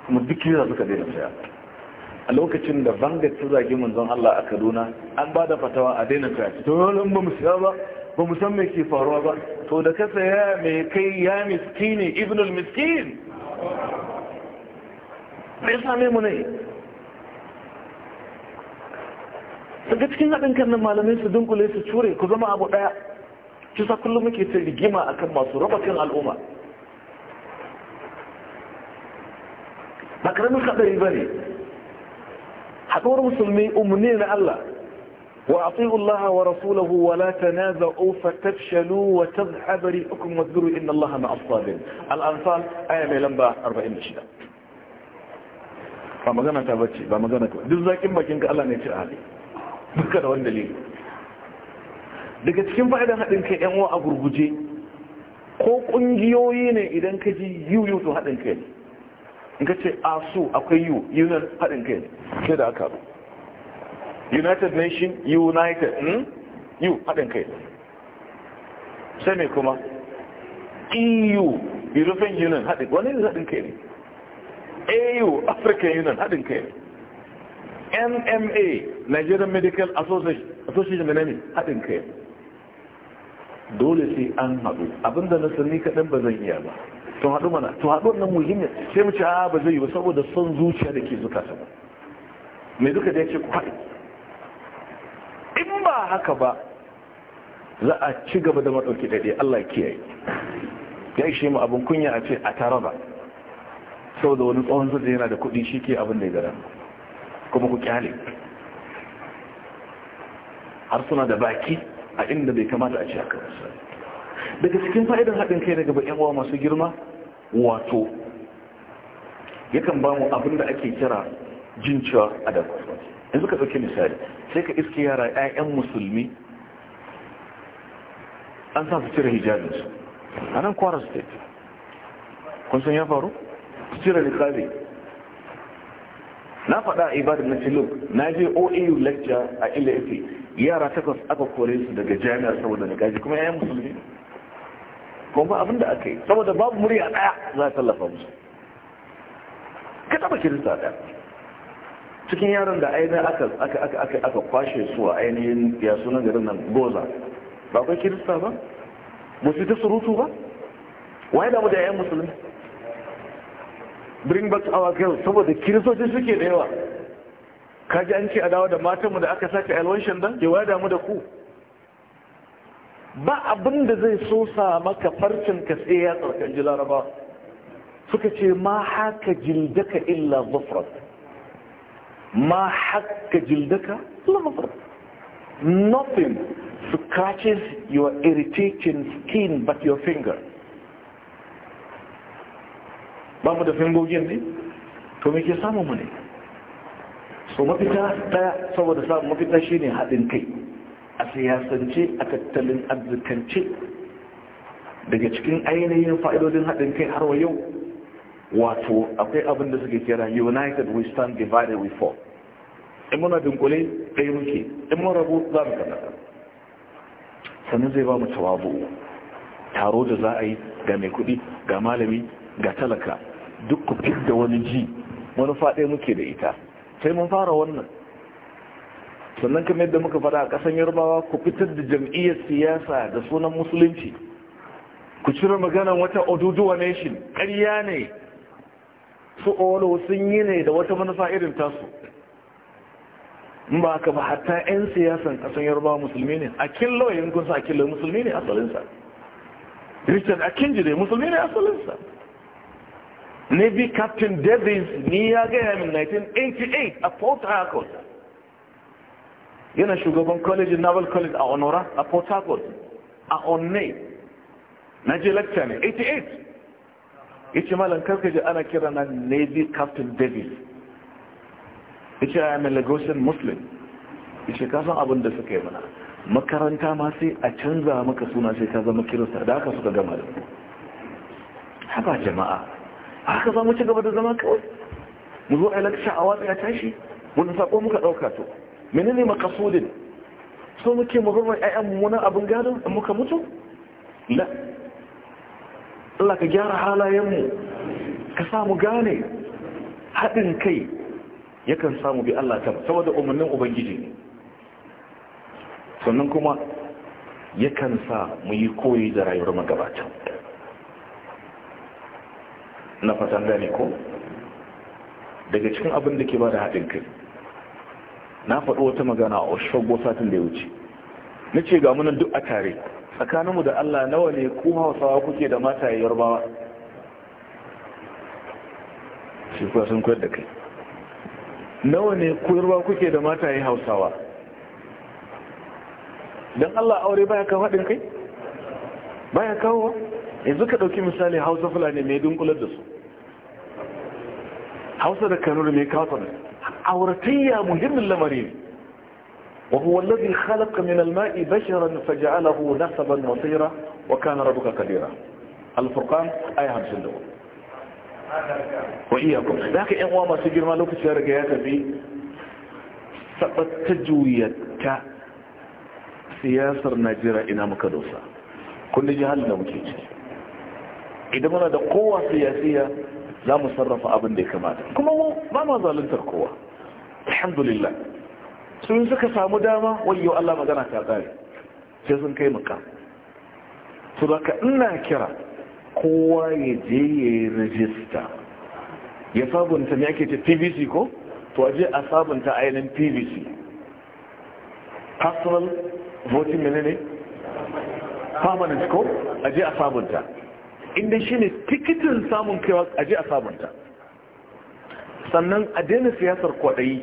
kuma duk kira suka daina saya a lokacin da vanga ta zagi manzon Allah a Kaduna an ba da fatawa a daina karatu to nan ba mu ba ba mu san me ke faruwa ba to da ka saya me kai ya miskini ibnul miskin me same mu ne daga cikin haɗin kan nan malamai su dunkule su cure ku zama abu ɗaya kisa kullum muke ta rigima akan masu raba al'umma ba karamin bane ba ne haɗuwar musulmi umarni na Allah wa ati'u Allah wa rasulahu wa la tanaza'u tafshalu wa tadhhabu ri'ukum wadhkuru inna Allah ma'as sabirin al-anfal aya mai lamba 46 ba magana ta bace ba magana ta duk zakin bakin ka Allah ne ce ali duka da wanda dalili daga cikin fa'idan haɗin kai yan uwa a gurguje ko ƙungiyoyi ne idan ka ji yiwu to hadin kai ne in ka ce ah, su akwai yu yunan haɗin kai ke da aka united nation united hmm? yu haɗin kai sai mai kuma eu european union haɗin wani ne haɗin kai ne au african union haɗin kai ne nma nigerian medical association mai ne haɗin kai dole sai an haɗu abinda na sani kaɗan ba zan iya ba to haɗu mana to haɗuwar nan muhimmi sai mu ci a ba zai yi ba saboda son zuciya da ke zukata ba mai duka da ya ce ku haɗu in ba haka ba za a ci gaba da maɗauki daɗe Allah kiyaye ya ishe mu abin kunya a ce a tara ba saboda wani tsohon zuciya yana da kuɗi shi ke abin da ya gara kuma ku kyale har suna da baki a inda bai kamata a ci haka daga cikin fa'idan haɗin kai daga bayan uwa masu girma wato yakan ba mu abin da ake kira jin cewa adam in suka ɗauki misali sai ka iske yara 'ya'yan musulmi an sa su cire hijabinsu a nan kwara state kun san ya faru su cire likabi na faɗa a ibadar na filo na je oau lecture a ilafi yara takwas aka kore su daga jami'ar saboda likabi kuma 'ya'yan musulmi kuma abin da aka yi saboda babu murya daya za a tallafa musu ka taba kirista daya cikin yaron da ainihin aka kwashe su a ainihin ya suna garin nan goza ba kai kirista ba musu ta surutu ba waye damu da yayan musulmi bring back our girls saboda kiristoci suke da yawa kaji an ce a dawo da matanmu da aka sake alwanshin dan ke waye damu da ku ba abin da zai so sa maka farcin ka sai ya tsarkan ji laraba suka ce ma haka jildaka illa zufrat ma haka jildaka illa zufrat nothing scratches your irritating skin but your finger ba mu da fingogin ne to me ke samun mu ne so mafita daya saboda samun mafita shine haɗin kai a siyasance a tattalin arzikance daga cikin ainihin fa'idodin haɗin kai har wa yau wato akwai abin da suke kira united we stand divided we fall in muna dunkule ɗaya muke in mun rabu za mu kanata sannan zai ba mu tawabu taro da za a yi ga mai kuɗi ga malami ga talaka duk ku da wani ji wani faɗe muke da ita sai mun fara wannan sannan kuma yadda muka fada a kasan yarbawa ku fitar da jam'iyyar siyasa da sunan musulunci ku cire magana wata oduduwa nation ƙarya ne su olo sun yi ne da wata manufa irin tasu in ba ka ba hatta 'yan siyasan kasan yarbawa musulmi ne a kin killo yankunsa a killo musulmi ne asalinsa richard jire musulmi ne asalinsa navy captain davis ni ya gaya min 1988 a port harcourt yana shugaban college naval college a onora a port harcourt a onne na je lecture ne 88 yace malam karka je ana kira na navy captain davis ya ce i am a lagosian muslim yace ka kasan abin da suka yi mana makaranta ma sai a canza maka suna sai ka zama kirista da haka suka gama da haka jama'a haka za mu ci gaba da zama kawai mu zo a lakca a watsa ya tashi wanda sako muka ɗauka to menene makasudin so muke mabarwar ƴaƴan mummunan abin gado in muka mutu la Allah ka gyara halayenmu ka samu gane haɗin kai yakan samu bi Allah ta saboda umarnin ubangiji ne sannan kuma yakan sa mu yi koyi da rayuwar magabatan na fatan gane ko daga cikin abin da ke ba da haɗin kai na faɗo wata magana a shago satin da ya wuce na ce ga munan duk a tare tsakaninmu da allah nawa ne ku hausawa kuke da mata yarbawa shi kuwa sun koyar da kai nawa ne yarba kuke da mata ya hausawa don allah aure baya kawo haɗin kai baya kawo yanzu ka ɗauki misali hausa fulani mai dunkular da su hausa da kanuri mai kawo عورتية مهم للمريض وهو الذي خلق من الماء بشرا فجعله نسبا وصيرا وكان ربك قديرا الفرقان آية همسين دول وإياكم لكن إن واما سجر مالوك سيارجيات في سبت تجويتك كسياسة ناجرة إنام مكدوسة كل جهال نوكيش إذا كنا قوة سياسية لا مصرف أبن ديكما كما هو ما ما ظل انتر قوة alhamdulillah sun suka samu dama wayo Allah magana ta tsare sai sun kai muka to da ina kira kowa ya je ya yi ya sabunta ne yake ta pvc ko to a je a sabunta ainihin pvc personal voting mene ne permanent ko a je a sabunta inda shine ne tikitin samun kaiwa a je a sabunta sannan a daina siyasar kwaɗayi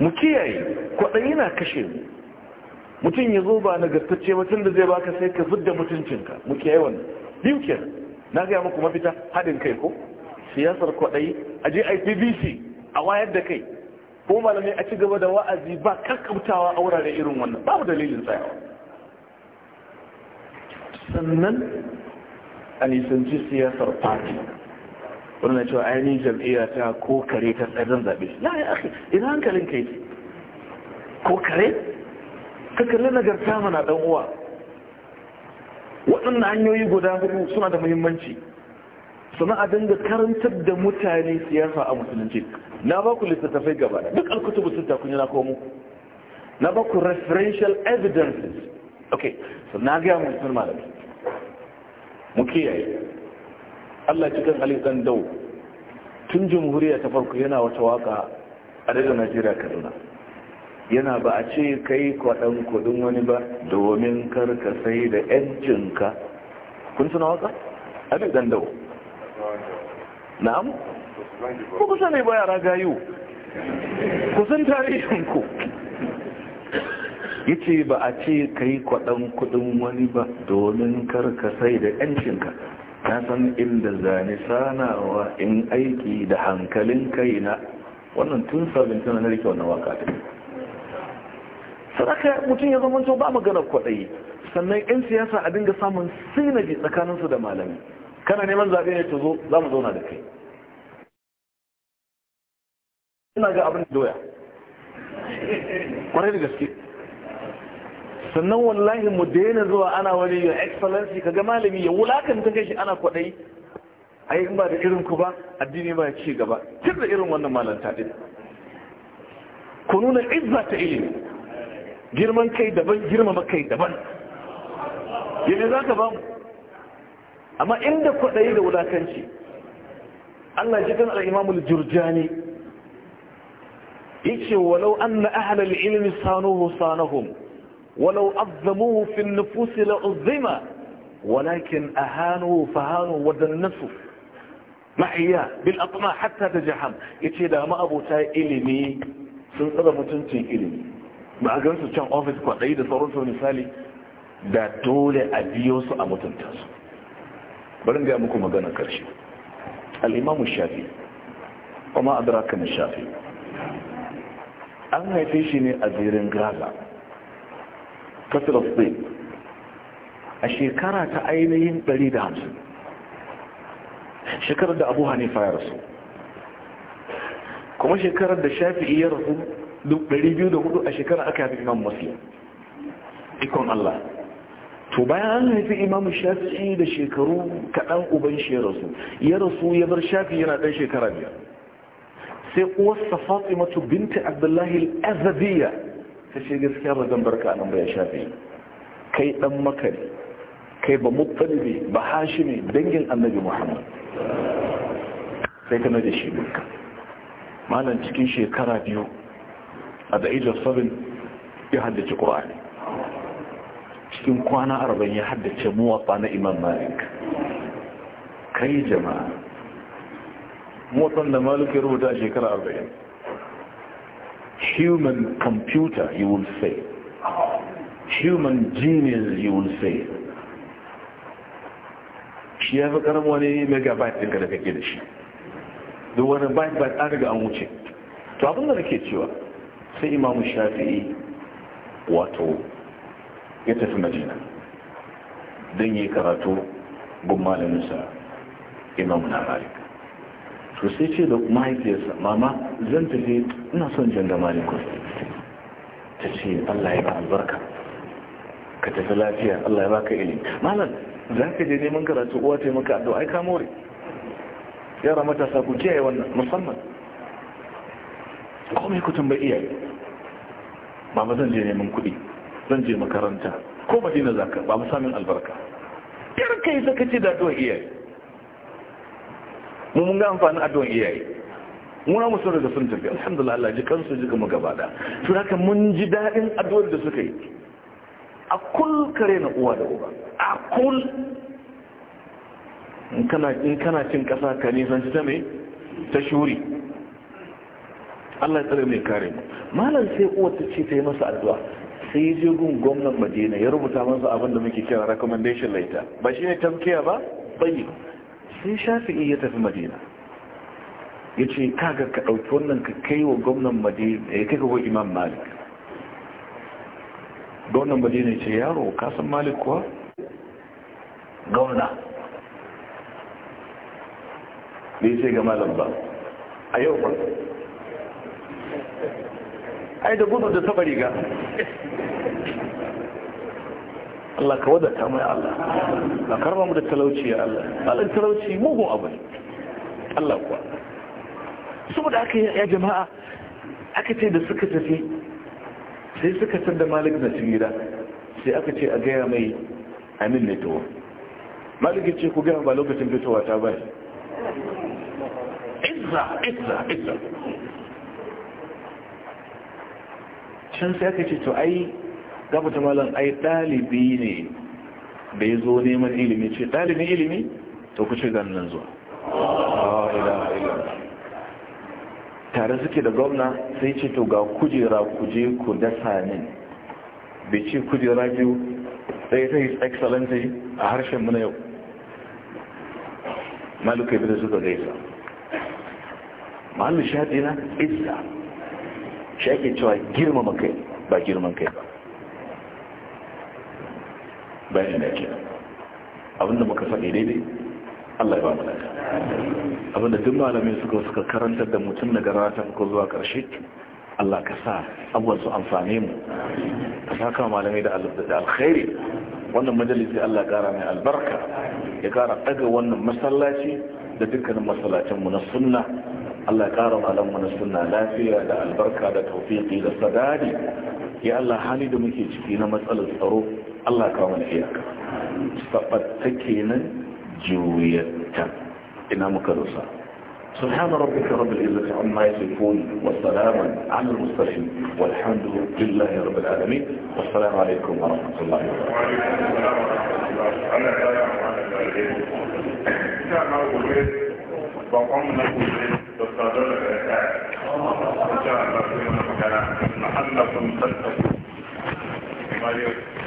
mu kiyaye kwaɗayi na kashe mu mutum ya zo ba nagartacce mutum da zai baka sai ka zudda mutuncinka mu kiyaye wannan biyu na gaya muku mafita haɗin kai ko siyasar kwaɗayi a je bbc a wayar da kai ko malamai a ci gaba da wa'azi ba kakkautawa a wurare irin wannan babu dalilin tsayawa sannan a nisanci siyasar fati wannan cewa ainihin jam'iyya ta ko kare ta tsarin zaɓe na ya ake idan hankalin ka yi ko kare ka kalli nagarta mana ɗan uwa waɗannan hanyoyi guda hudu suna da muhimmanci suna a dinga karantar da mutane siyasa a musulunci na ba ku littattafai gaba da duk alkutubu kun yi na komo na ba ku referential evidences ok so na gaya musulman da mu kiyaye Allah cikin halittar dau tun jamhuriya ta farko yana wata waka a daga Najeriya Kaduna yana ba a ce kai kwaɗan kuɗin wani ba domin karka sai da ‘yancinka kun suna waka? a daga dau na'am? ko kusa ne ba yara gayu kusan ku. ya ce ba a ce kai kwaɗan kuɗin wani ba domin karka sai da ‘yancinka Ka san inda zane sanawa in aiki da hankalin kai na, wannan tun sabin tunan na rike wannan waka ta sadaka mutum ya zama ba maganar kwaɗayi sannan 'yan siyasa a dinga samun sinaji tsakaninsu da malami kana neman zaɓe ne tuzo za mu zauna da kai ina ga abin doya kwarai da gaske sannan wallahi mu daina zuwa ana wani your excellency kaga malami ya wulakan kai shi ana kwadai ai in ba da irin ku ba addini ba ya ci gaba tun da irin wannan malanta din ku nuna izza ta ilimi girman kai daban girmama kai daban Yadda za ka ba mu amma inda kwaɗayi da wulakanci Allah ji kan al jurjani yace walau an na ahalar ilimin sanuhu sanahum ولو عظموه في النفوس لعظم ولكن أهانوا فهانوا hatta محيا بالأطماع حتى تجحم يتيدا ما أبو تاي إلمي سنقضى متنتين إلمي ba a gansu can ofis kwaɗayi da sauransu misali da dole a biyo su a mutunta su barin ga muku magana karshe al'imamu shafi kuma adraka na shafi an haife shi ne a zirin gaza ta filistin a shekara ta ainihin 150 shekarar da abu hanifa ya rasu kuma shekarar da shafi'i ya rasu 204 a shekarar aka yafi imam muslim ikon allah to bayan an haifi imam shafi'i da shekaru kaɗan uban shi ya rasu ya rasu ya bar shafi yana ɗan shekara biyar sai uwarsa fatimatu binta abdullahi al ta ce gaskiya ba zan barka nan ba ya shafi kai dan makari kai ba muttalibi ba Hashi ne dangin annabi muhammad sai ka da shi duka malam cikin shekara biyu a da age of ya haddace qur'ani cikin kwana arba'in ya haddace muwafa na imam malik kai jama'a motsan da malik ya rubuta a shekara arba'in human computer, you will say. Human genius, you will say. Shi ya fi ƙarar wani megabyte ka da kake da shi. Da wani byte byte an riga an wuce. To abin da nake cewa sai imamu shafi'i wato ya tafi majina Don yi karatu gun malaminsa imamu na Malik. to sai ce da mahaifiyarsa mama zan tafi ina son jan da malikun ta ce allah ya ba albarka ka tafi lafiya allah ya ba ka ilimi malam za ka je neman karatu uwa ta maka addu'a ai ka more yara matasa ku kiyaye wannan musamman kuma ku tambayi iyaye mama zan je neman kuɗi zan je makaranta ko madina zaka ba mu samun albarka kar kai zaka ce da addu'a iyaye mu mun ga amfanin addu'an iyaye muna musu da sun tafi alhamdulillah Allah ji kansu ji kuma gaba da to haka mun ji dadin addu'ar da suka yi a kul kare na uwa da uba a kul in kana in kana cin kasa ka nisanci ta me ta shuri Allah ya tsare mai kare mu malam sai uwa ta ce ta yi masa addu'a sai ya je gun gwamnan Madina ya rubuta masa abin da muke kira recommendation letter ba shine tamkiya ba bayyana sai shafi'i ya tafi madina ya ce kaga ka ɗauki wannan ka kai wa gwamnan madina ya eh, kai wa imam malik gwamnan madina ya ce yaro kasan malik kuwa gwamna ya ce ga malam ba a yau ba ai da gudu da taɓa riga Allah ka wadata mai Allah ba karba mu da talauci ya Allah Allah talauci mugun abu ne Allah kuwa saboda aka ya jama'a aka ce da suka tafi sai suka san da malik na cikin gida sai aka ce a gaya mai amin ne towa malik ya ce ku gaya ba lokacin fitowa ta bai izza izza izza can sai aka ce to ai gaba ta ai ɗalibi ne Bai zo neman ilimi ce ɗalibin ilimi to ku ce ganin zuwa tare suke da gwamna sai ce to ga kujera kuje ku dasa min bai ce kujera biyu Sai ta yi excellency a harshen muna yau maluka yi da suka gaisa mahallu shaɗi na isa shi ake cewa girmama kai ba girman kai ba bayan na ke abinda muka faɗi daidai Allah ya ba mu lafiya abinda duk malamin suka suka karantar da mutum daga ratan ko zuwa ƙarshe Allah ka sa abuwan su amfane mu ka sa kama malamai da alkhairi wannan majalisi Allah ƙara mai albarka ya ƙara ɗaga wannan masallaci da dukkanin mu na sunna Allah ya ƙara malamu na sunna lafiya da albarka da taufiƙi da sadari ya Allah hali da muke ciki na matsalar tsaro Allah kawo mana iyaka faɓatta kenan juyatta ina muka rusa سبحان ربك رب العزة عما يصفون والسلام على المستشفى والحمد لله رب العالمين والسلام عليكم ورحمة الله وبركاته.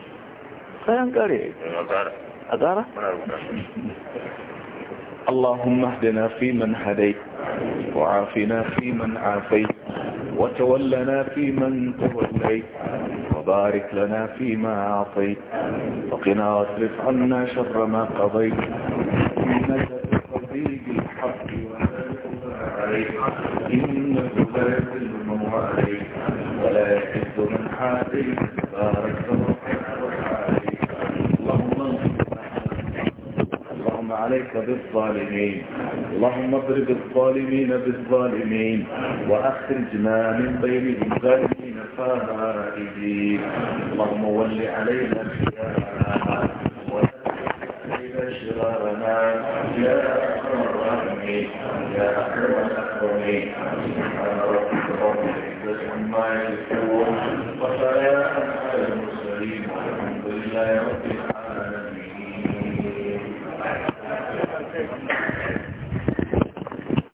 فينقرض أدارة اللهم اهدنا فيمن هديت وعافنا فيمن عافيت وتولنا فيمن توليت وبارك لنا فيما أعطيت وقنا واصرف عنا شر ما قضيت إنك تقضي بالحق إنه لا يذل من وعليك ولا يحب من حاديت بارك الله عليك بالظالمين اللهم اضرب الظالمين بالظالمين وأخرجنا من بينهم الظالمين فائزين اللهم ول علينا خيارنا ولا شرارنا يا أكرم الراحمين يا أكرم الأكرمين سبحان ربك رب العزة عما يصفون